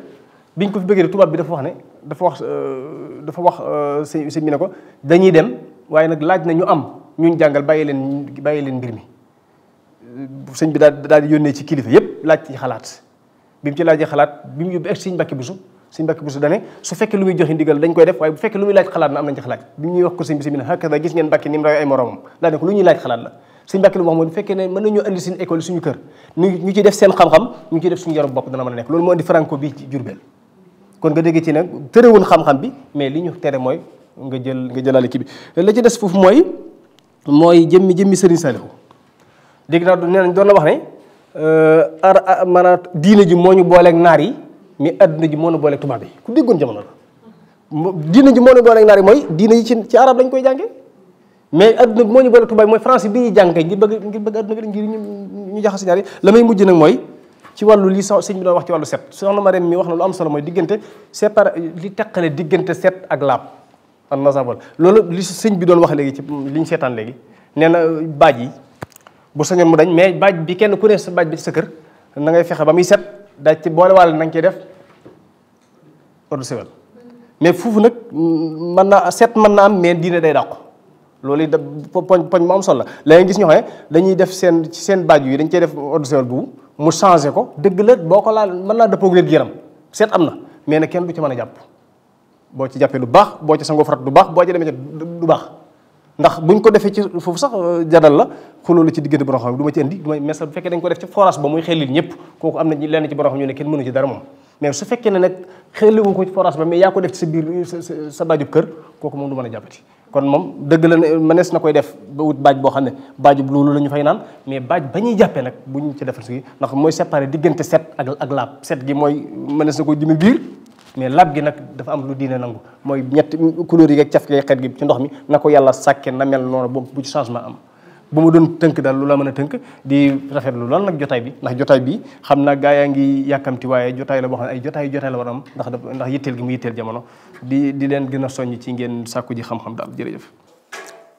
biñ ko fi bëggee tubaab bi dafa wax ne dafa wax euh, dafa wax euh, sëñ bi ne ko dañuy dem waaye nag laaj na ñu am ñuñ jàngal bàyyi leen bàyyi leen mbir mi sëñ bi daal daal di yónnee ci kilifa yëpp laaj ci xalaat bi mu ci laajee xalaat bi mu yóbbu ak Sëriñ Mbàkke Buso Sëriñ Mbàkke Buso dane su fekkee lu muy joxe ndigal dañ koy def waaye bu fekkee lu muy laaj xalaat na am nañ ci xalaat bi ñuy wax ko sëriñ bi si mi ne hakada gis ngeen mu ne ko lu ñuy laaj xalaat la xam-xam ñu ciy def suñu yarum bopp dana mën a nekk loolu moo indi franco bi ci Jurbel kon nga mooy nga jël nga jëlaale kii bi la ci des foofu mooy mooy jëmmi jëmmi Sëriñ nañ doon na wax ne Euh, ar maanaam diine ji moo ñu booleeg naar yi mais adduna ji moo ñu booleeg tubaab yi ku déggoon jamono la diine ji moo ñu booleeg naar yi mooy diine ji ci ci arab lañ koy jàngee mais adduna bi moo ñu booleeg tubaab yi mooy français bi ñuy jàngee ngir bëgg ngir bëgg adduna bi ngir ñu ñu ñaar yi la may mujj nag mooy ci wàllu li sëñ bi doon wax ci wàllu set soxna Marème mi wax na lu am solo mooy diggante séparé li teqale diggante set ak laab an nasabol loolu li sëñ bi doon wax léegi ci li ñu seetaan léegi nee na baaj yi bu sañoon mu dañ mais baaj bi kenn ku ne sa baaj bi sa kër na ngay fexe ba muy set daaj ci boole wàll nañ nga def eau mais foofu nag mm, mën naa set mën naa am mais diine day dàqu loolu it poñ poñ mu am solo la léegi gis ñoo dañuy def seen ci seen baaj yi dañ cey def eau de sevel mu changé ko dëgg la boo ko laal mën naa dëppoo wér yaram seet am na mais nag kenn du ci mën a jàpp boo ci jàppee du baax boo ci sangoo farat du baax boo ci demee du baax ndax buñ ko defee ci foofu sax euh, jadal la xuloo la ci diggante borom du ma ci indi ma mais bu fekkee dañ ko def ci forage ba muy xellil ñëpp kooku am na lenn ci borom xam ñu ne kenn mënu ci dara moom mais su fekkee ne nag xelliwu ko ci forage ko sa moom du a jàppati kon moom dëgg la mënees na koy def ba wut boo xam ne baajub loolu la ñu fay naan mais ba ñuy jàppee nag bu ñu ci defal si gi mooy mënees na ko mais lab nag dafa am lu diine nangu mooy ñett couleur yi ak caf ci ndox mi na ko yàlla sàkke na mel noonu bu ci changement am bu ma doon tënk daal lu la mën a tënk di rafetlu lool nag jotaay bi ndax jotaay bi xam naa gaa yaa ngi yàkkamti waaye jotaay la boo xam ne ay jotaay jotaay la war am ndax ndax yitteel gi mu yitteel jamono di di leen gën a soññ ci ngeen sàkku ji xam-xam daal jërëjëf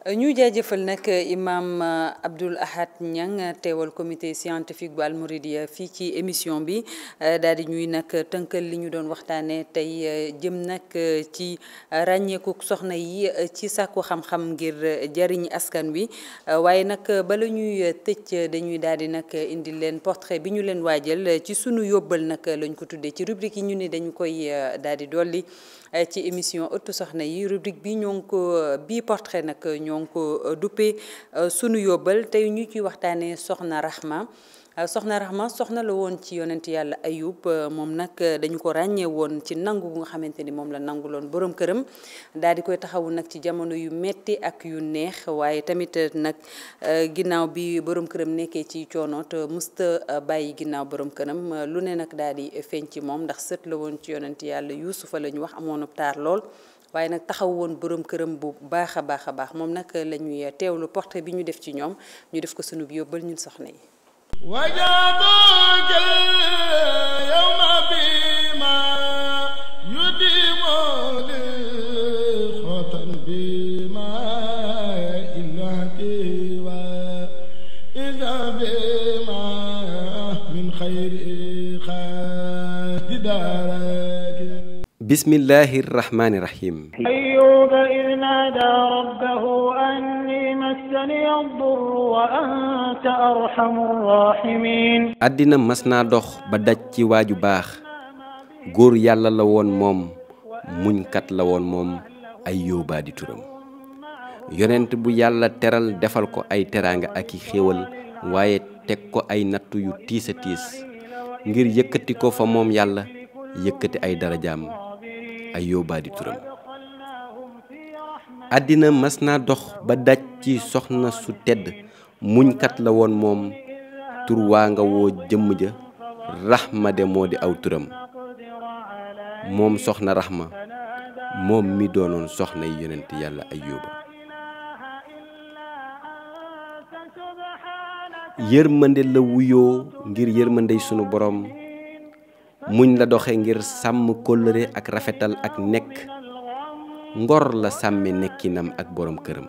ñuy jaajëfal nag imam euh, Abdoul Ahad Niang teewal comité scientifique bu Almouridiya euh, fii ci émission bi euh, daal di ñuy nag tënkal li ñu doon waxtaanee tey jëm nag ci ràññeeku soxna yi ci sàkku xam-xam ngir jariñ askan wi waaye nag bala ñuy tëj dañuy daal di nag indi leen portrait bi ñu leen waajal ci sunu yóbbal nag lañ ko tuddee ci rubrique yi ñu ni dañu koy daal di dolli ci émission ëttu soxna yi rubrique bi ñoo ko bii portrait nag ñoo ngi ko euh, duppee euh, sunu yóbbal tey ñu ciy waxtaanee soxna Rahma. Euh, soxna Rahma soxna la woon ci yonent yàlla Ayub moom nag dañu ko ràññee woon ci nangu bu nga xamante ni moom la nangu loon borom këram daal di koy taxawu nag ci jamono yu metti ak yu neex waaye tamit nag ginnaaw bi borom këram nekkee ci coonoot musta bàyyi ginnaaw borom këram lu ne nag daal di feeñ ci moom ndax sët la woon ci yonent yàlla Yuusufa la ñu wax amoon taar lool. waaye nag taxaw woon borom këram bu baax a baax a baax moom nag la ñuy teewlu portrait bi ñu def ci ñoom ñu def ko sunu yóbbal ñun soxna yi. bismillahi rahmaani rahim. ayyuba rabbahu anni massaniya ad wa anta arhamu raahimiin. àddina mas naa dox ba daj ci waaju baax góor yàlla la woon moom muñkat la woon moom ayyuba di turam yonent bu yàlla teral defal ko ay teraanga ak i xéewal waaye teg ko ay nattu yu tiis tiis ngir yëkkati ko fa moom yàlla yëkkati ay darajaam ay yóbbaadi turam àddina mas na dox ba daj ci soxna su tedd muñkat la woon moom tur waa nga woo jëmm ja raxma de moo di aw turam moom soxna raxma moom mi doonoon soxna yi yonent yàlla Ayyuba yërmande la wuyoo ngir yërmandey sunu borom muñ la doxe ngir sàmm kóllëre ak rafetal ak nekk ngor la sàmme nekkinam ak boroom këram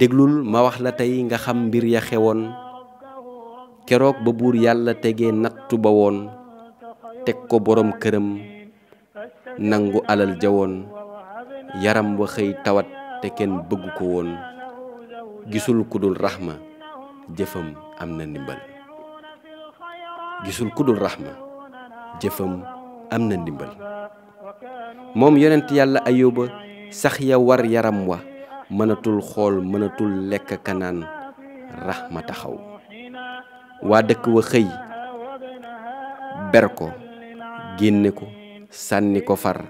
déglul ma wax la tey nga xam mbir ya xewoon keroog ba buur yàlla tege nattu ba woon teg ko boroom këram nangu alal jawoon yaram wa xëy tawat te kenn bëggu ko woon gisul ku dul raxma jëfam am na ndimbal gisul kudul raxma jëfam am na ndimbal moom yonent yàlla ayóoba sax ya war yaram wa mënatul xool mënatul lekk a kanaan raxma taxaw waa dëkk wa xëy ber ko génne ko sànni ko far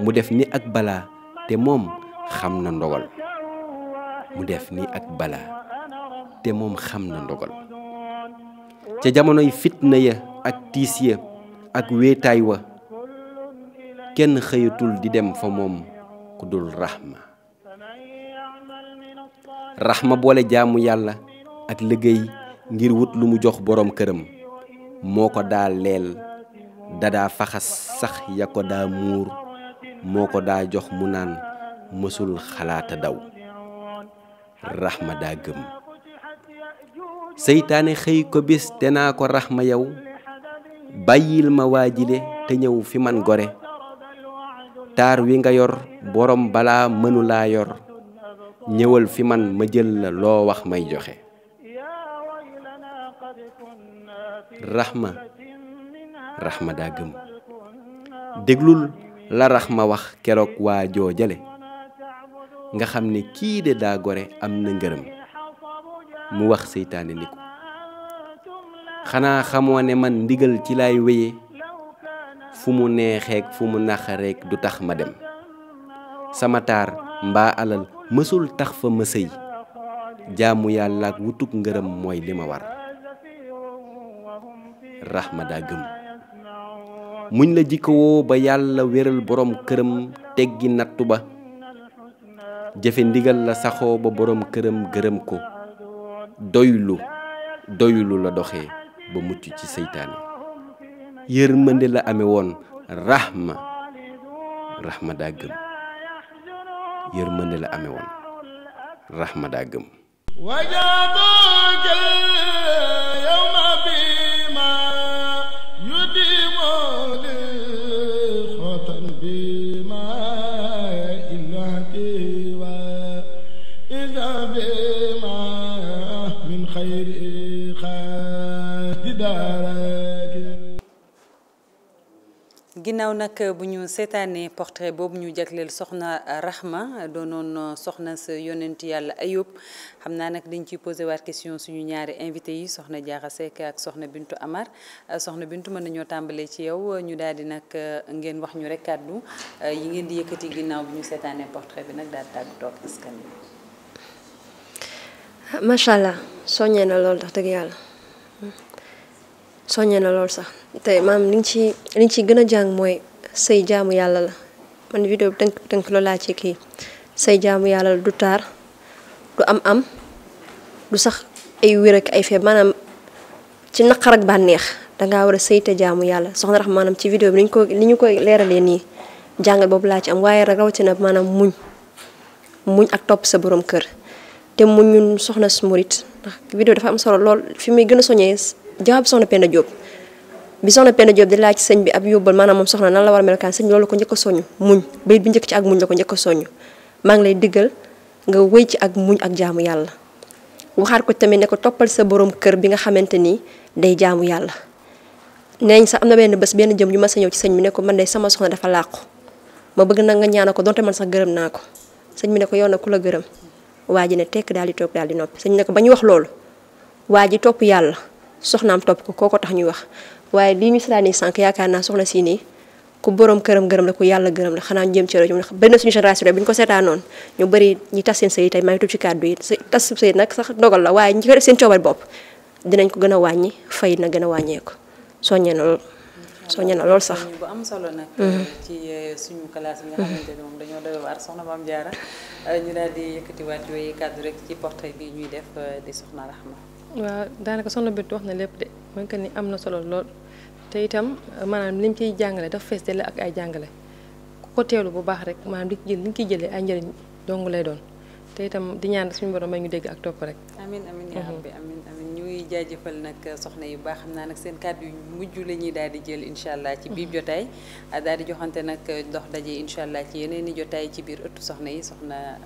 mu def ni ak balaa te moom xam na ndogal mu def ni ak balaa te moom xam na ndogal ca jamonoy fitna ya ak tiis ya ak wéetaay wa kenn xëyatul di dem fa moom ku dul raxma raxma boole jaamu yàlla ak liggéey ngir wut lu mu jox boroom këram moo ko daa leel dadaa faxas sax ya ko daa muur moo ko daa jox mu naan mësul xalaata daw raxma daa gëm seytaane xëy ko bis te naa ko rax ma yow bàyyil ma waa waajile te ñëw fi man gore taar wi nga yor boroom balaa mënulaa yor ñëwal fi man ma jël la loo wax may joxe raxma raxma daa gëm déglul la rax ma wax keroog waa joo jële nga xam ne kii de daa gore am na ngërëm mu wax seytaane ni ko xanaa xamoo ne man ndigal ci laay wéye fu mu neexeek fu mu naxareek du tax ma dem sama taar mbaa alal mësul tax fa ma sëy jaamu yàlla ak wutuk ngërëm mooy li ma war raxma daa gëm muñ la jikkowoo ba yàlla wéral borom këram teggi nattu ba jëfe ndigal la saxoo ba borom këram gërëm ko doylu doylu la doxe ba mucc ci seytaane yërmande la amee woon rahma rahma daa gëm yërmande la amewoon woon rahma daa gëm. ginnaaw nag bu ñu seetaanee portrait boobu ñu jagleel soxna Rahma doonoon soxna sa yonent yàlla Ayub xam naa nag dañ ciy posé waat question suñu ñaari invité yi soxna Diarra Seck ak soxna Bintu Amar soxna Bintu mën nañoo tàmbalee ci yow ñu daal di nag ngeen wax ñu rek kàddu yi ngeen di yëkkati ginnaaw bu ñu seetaanee portrait bi nag daal di tàggatoo ak askan allah soññee na loolu ndax dëgg yàlla. soññee na lool sax te maam liñ nga ci li nga ciy gën a jàng mooy say jaamu yàlla la man vidéo bi tënk tënk lool laa ci kii say jaamu yàlla la du taar du am am du sax ay wér ak ay feeb maanaam ci naqar bànneex dangaa war a sayte jaamu yàlla soxna rax maanaam ci vidéo bi li ñu ko li koy leeralee nii jàngal boobu laa ci am waaye rawatina maanaam muñ muñ ak topp sa boroom kër te muñ ñu soxna su murit ndax vidéo am solo lool fi muy gën a soññee jawaab soxna Penda Diop bi soxna Penda Diop di laaj sëñ bi ab yóbbal maanaam moom soxna nan la war a melkaan sëñ bi loolu ko njëkk a soññ muñ bayit bi njëkk ci ak muñ la ko njëkk a maa ngi lay diggal nga wéy ci ak muñ ak jaamu yàlla waxaat ko tamit ne ko toppal sa borom kër bi nga xamante ni day jaamu yàlla neeñ sax am na benn benn jëm yu ma sa ci sëñ bi ne ko man de sama soxna dafa làqu ma bëgg na nga ñaana ko donte man sax gërëm naa ko sëñ bi ne ko yow ku la gërëm waa ji ne tekk daal di toog daal di noppi sëñ bi ne ko ba ñu wax loolu waa ji topp yàlla soxna soxnaam topp ko koo ko tax ñuy wax waaye lii ñu sadaani sànq yaakaar naa soxna si nii ku borom këram gërëm la ku yàlla gërëm la xanaa ñu jëm ci rajo ndax bëri na suñu génération bi ñu ko seetaan noonu ñu bëri ñi tas seen sëy tey maa ngi tudd ci kàddu sax dogal la waaye ñi ko def seen dinañ ko gën a wàññi fay na gën a wàññeeku soññee na lool soññee na lool sax. bu am solo nag. Mm-hmm. ci eh, suñu classe yi nga xamante ne moom dañoo doy waar soxna Mame Diarra eh, ñu di yëkkatiwaat ci portrait bi ñuy def eh, di soxna Rahma waaw daanaka soxna Bintu wax na lépp de mooy que ni am na solo lool te itam maanaam lim ciy jàngale daf fees dell ak ay jàngale ku ko teelu bu baax rek maanaam li jël li ñu ciy jëlee ay njëriñ dong lay doon te itam di ñaan suñu borom may ñu dégg ak topp rek. amin amiin yaa mhm. rabbi amiin amiin ñu ngi jaajëfal nag soxna yu baax xam naa nag seen kàddu yu mujj la ñuy daal di jël incha allah ci biir mhm. jotaay daal di joxante nag dox daje incha allah ci yeneen i jotaay ci biir ëttu soxna yi soxna.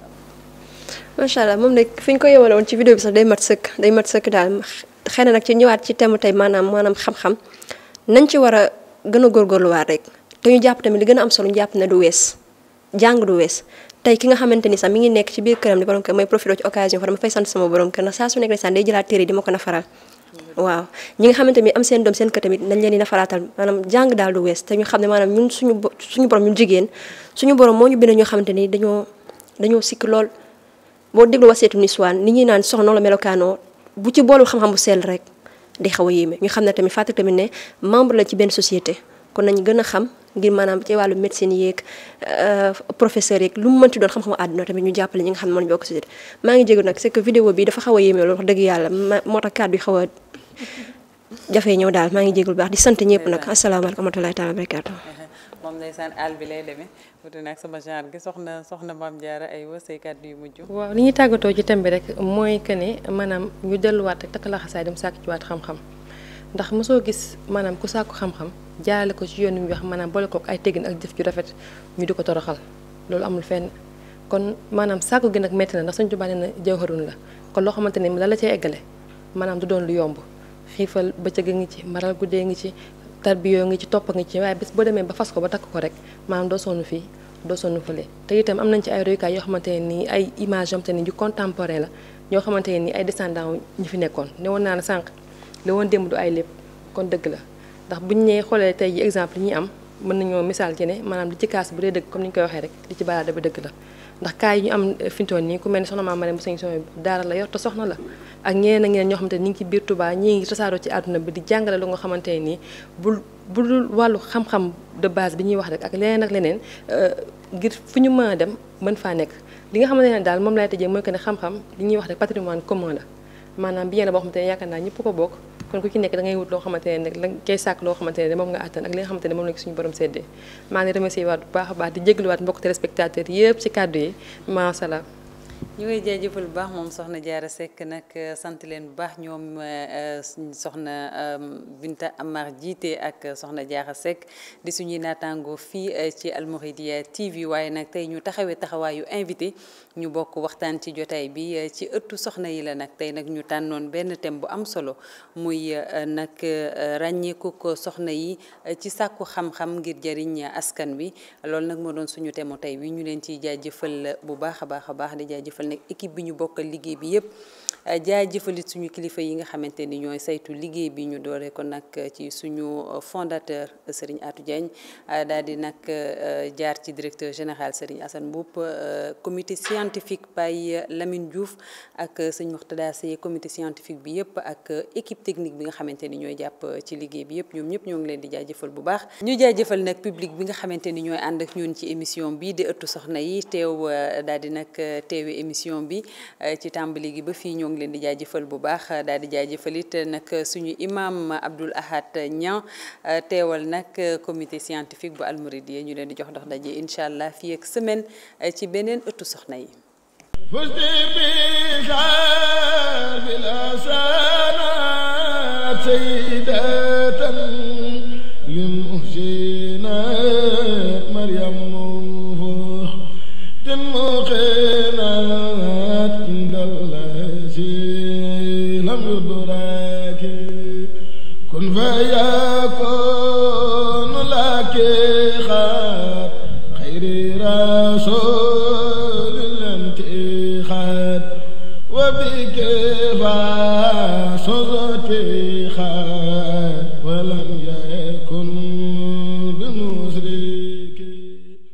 macha allah moom nag fi ñu ko yemale woon ci vidéo bi sax day mat sëkk day mat sëkk daal xëy na nag ci ñëwaat ci thème tey maanaam maanaam xam-xam nañ ci war a gën a góorgóorluwaat rek te ñu jàpp tamit li gën am solo jàpp ne du wees jàng du wees tey ki nga xamante ni mi ngi nekk ci biir këram di borom kër may profité ci occasion fa dama fay sant sama borom kër ni am seen doom seen kër tamit leen di nafaraatal maanaam daal wees te ñu xam ne maanaam ñun suñu suñu borom ñun jigéen suñu borom moo ñu bind ñoo xamante ni dañoo dañoo sikk lool boo déglu waseetu niswaan ni ñuy naan soxna la melokaanoo bu ci boolu xam-xam bu sell rek di xaw a yéeme ñu xam ne tamit fàttali tamit ne membre la ci benn société kon nañ gën a xam ngir maanaam ci wàllu médecine yeeg euh, professeur yeeg lu mu mënti doon xam-xamu àdduna tamit ñu jàppale ñi nga xam ne moo ñu bokk société maa ngi jégu nag c'est que vidéo bi dafa xaw a yéeme loolu wax dëgg yàlla moo tax kàddu yi xaw a jafee ñëw daal maa ngi jégul baax di sant ñëpp nag asalaamaaleykum wa rahmatullahi taala wa moom ndeysaan lay demee wuti nag sama genre gi soxna soxna maam jaara ay waseykat yu mujj waaw li ñuy tàggatoo ci thème bi rek mooy que ne maanaam ñu delluwaat xam-xam ndax mosoo gis maanaam ku sàkku xam-xam jaarale ko ci yoon wi wax maanaam boole ko ay teggin ak jëf ju rafet ñu di ko toroxal loolu amul fenn kon maanaam sàkku gi nag métti na ndax suñ Tuubaa nee na jawharun la kon loo xamante ne la la cay eggale maanaam du doon lu yomb xiifal bëccëg a ngi ci maral guddee ngi ci tarbiyoo ngi ci topp nga ci waaye bis boo demee ba fas ko ba takk ko rek maanaam doo sonn fii doo sonn fële te itam am nañ ci ay royukaay yoo xamante ne nii ay image yoo xamante ne ñu contemporain la ñoo xamante ne nii ay descendant ñi fi nekkoon ne woon naa la sànq li woon démb du ay lépp kon dëgg la ndax buñ ñee xoolee tey ji exemple yi am mën nañoo misaal ci ne maanaam li ci kaas bu dee dëgg comme ni ñu koy waxee rek li ci baraada bi dëgg la ndax cas yi ñu am eh, fintoon nii ku mel ni soxna maam Marème bu sëñ Sow daara la yor te soxna la ak ñeneen ak ñeneen ñoo xamante ni ngi ci biir Touba ñii ngi tasaaroo ci àdduna bi di jàngale lu nga xamante ne nii bul bul wàllu xam-xam de base bi ñuy wax rek ak leneen ak leneen eh, ngir fu ñu mën a dem mën faa nekk li nga xamante ne daal moom laay tëjee mooy que ne xam-xam li ñuy wax rek patrimoine commun la maanaam bi ngeen boo xamante ne yaakaar naa ñëpp ko bokk kon ku ci nekk da ngay wut loo xamante ne nag la ngay sàkk loo xamante ne moom nga àttan ak li nga xamante ne moom la suñu borom séddee maa ngi remercier waat bu baax a baax di jégluwaat mbokk téléspectateurs yëpp ci kàddu yi maasala ñu ngi jaajëfal bu baax moom soxna Diarra Seck nag euh, sant leen bu baax ñoom euh, soxna euh, Binta Amar jiite ak soxna Diarra Seck di suñuy naataango fii ci Almouridiya TV waaye nag tey ñu taxawee taxawaayu invité ñu bokk waxtaan ci jotaay bi ci ëttu soxna yi la nag tey nag ñu tànnoon benn thème bu am solo muy nag ràññeeku ko soxna yi ci sàkku xam-xam ngir jariñ askan wi loolu nag moo doon suñu thème tey wi ñu leen ciy jaajëfal bu baax a baax a baax di jaajëfal jaajëfal nag équipe bi ñu bokkal liggéey bi yëpp Euh, jaajëfalit suñu kilifa yi nga xamante ni ñooy saytu liggéey bi ñu doore ko nag euh, ci suñu euh, fondateur Serigne atu Diagne daal di nag jaar ci directeur général Serigne Assane Mboup comité scientifique Baye Lamine Diouf ak sëñ Mourtada Seye comité scientifique bi yëpp ak équipe technique bi nga xamante ni ñooy jàpp ci liggéey bi yëpp ñoom ñëpp ñoo ngi leen di jaajëfal bu baax ñu jaajëfal nag public bi nga xamante ni ñooy ànd ak ñun ci émission bi di ëttu soxna yi teew daal di nag teewi émission bi ñoo ngi leen di jëfal bu baax daal di jaajëfal it nag suñu imam Abdoul Ahad Niang teewal nag comité scientifique bu Almouridiyyah ñu leen di jox dox daje incha allah fii ak semaine ci beneen ëttu soxna yi. الذي لم يدرك كن فيكون لك خير خير رسول الانتخاب وبك فصرت خير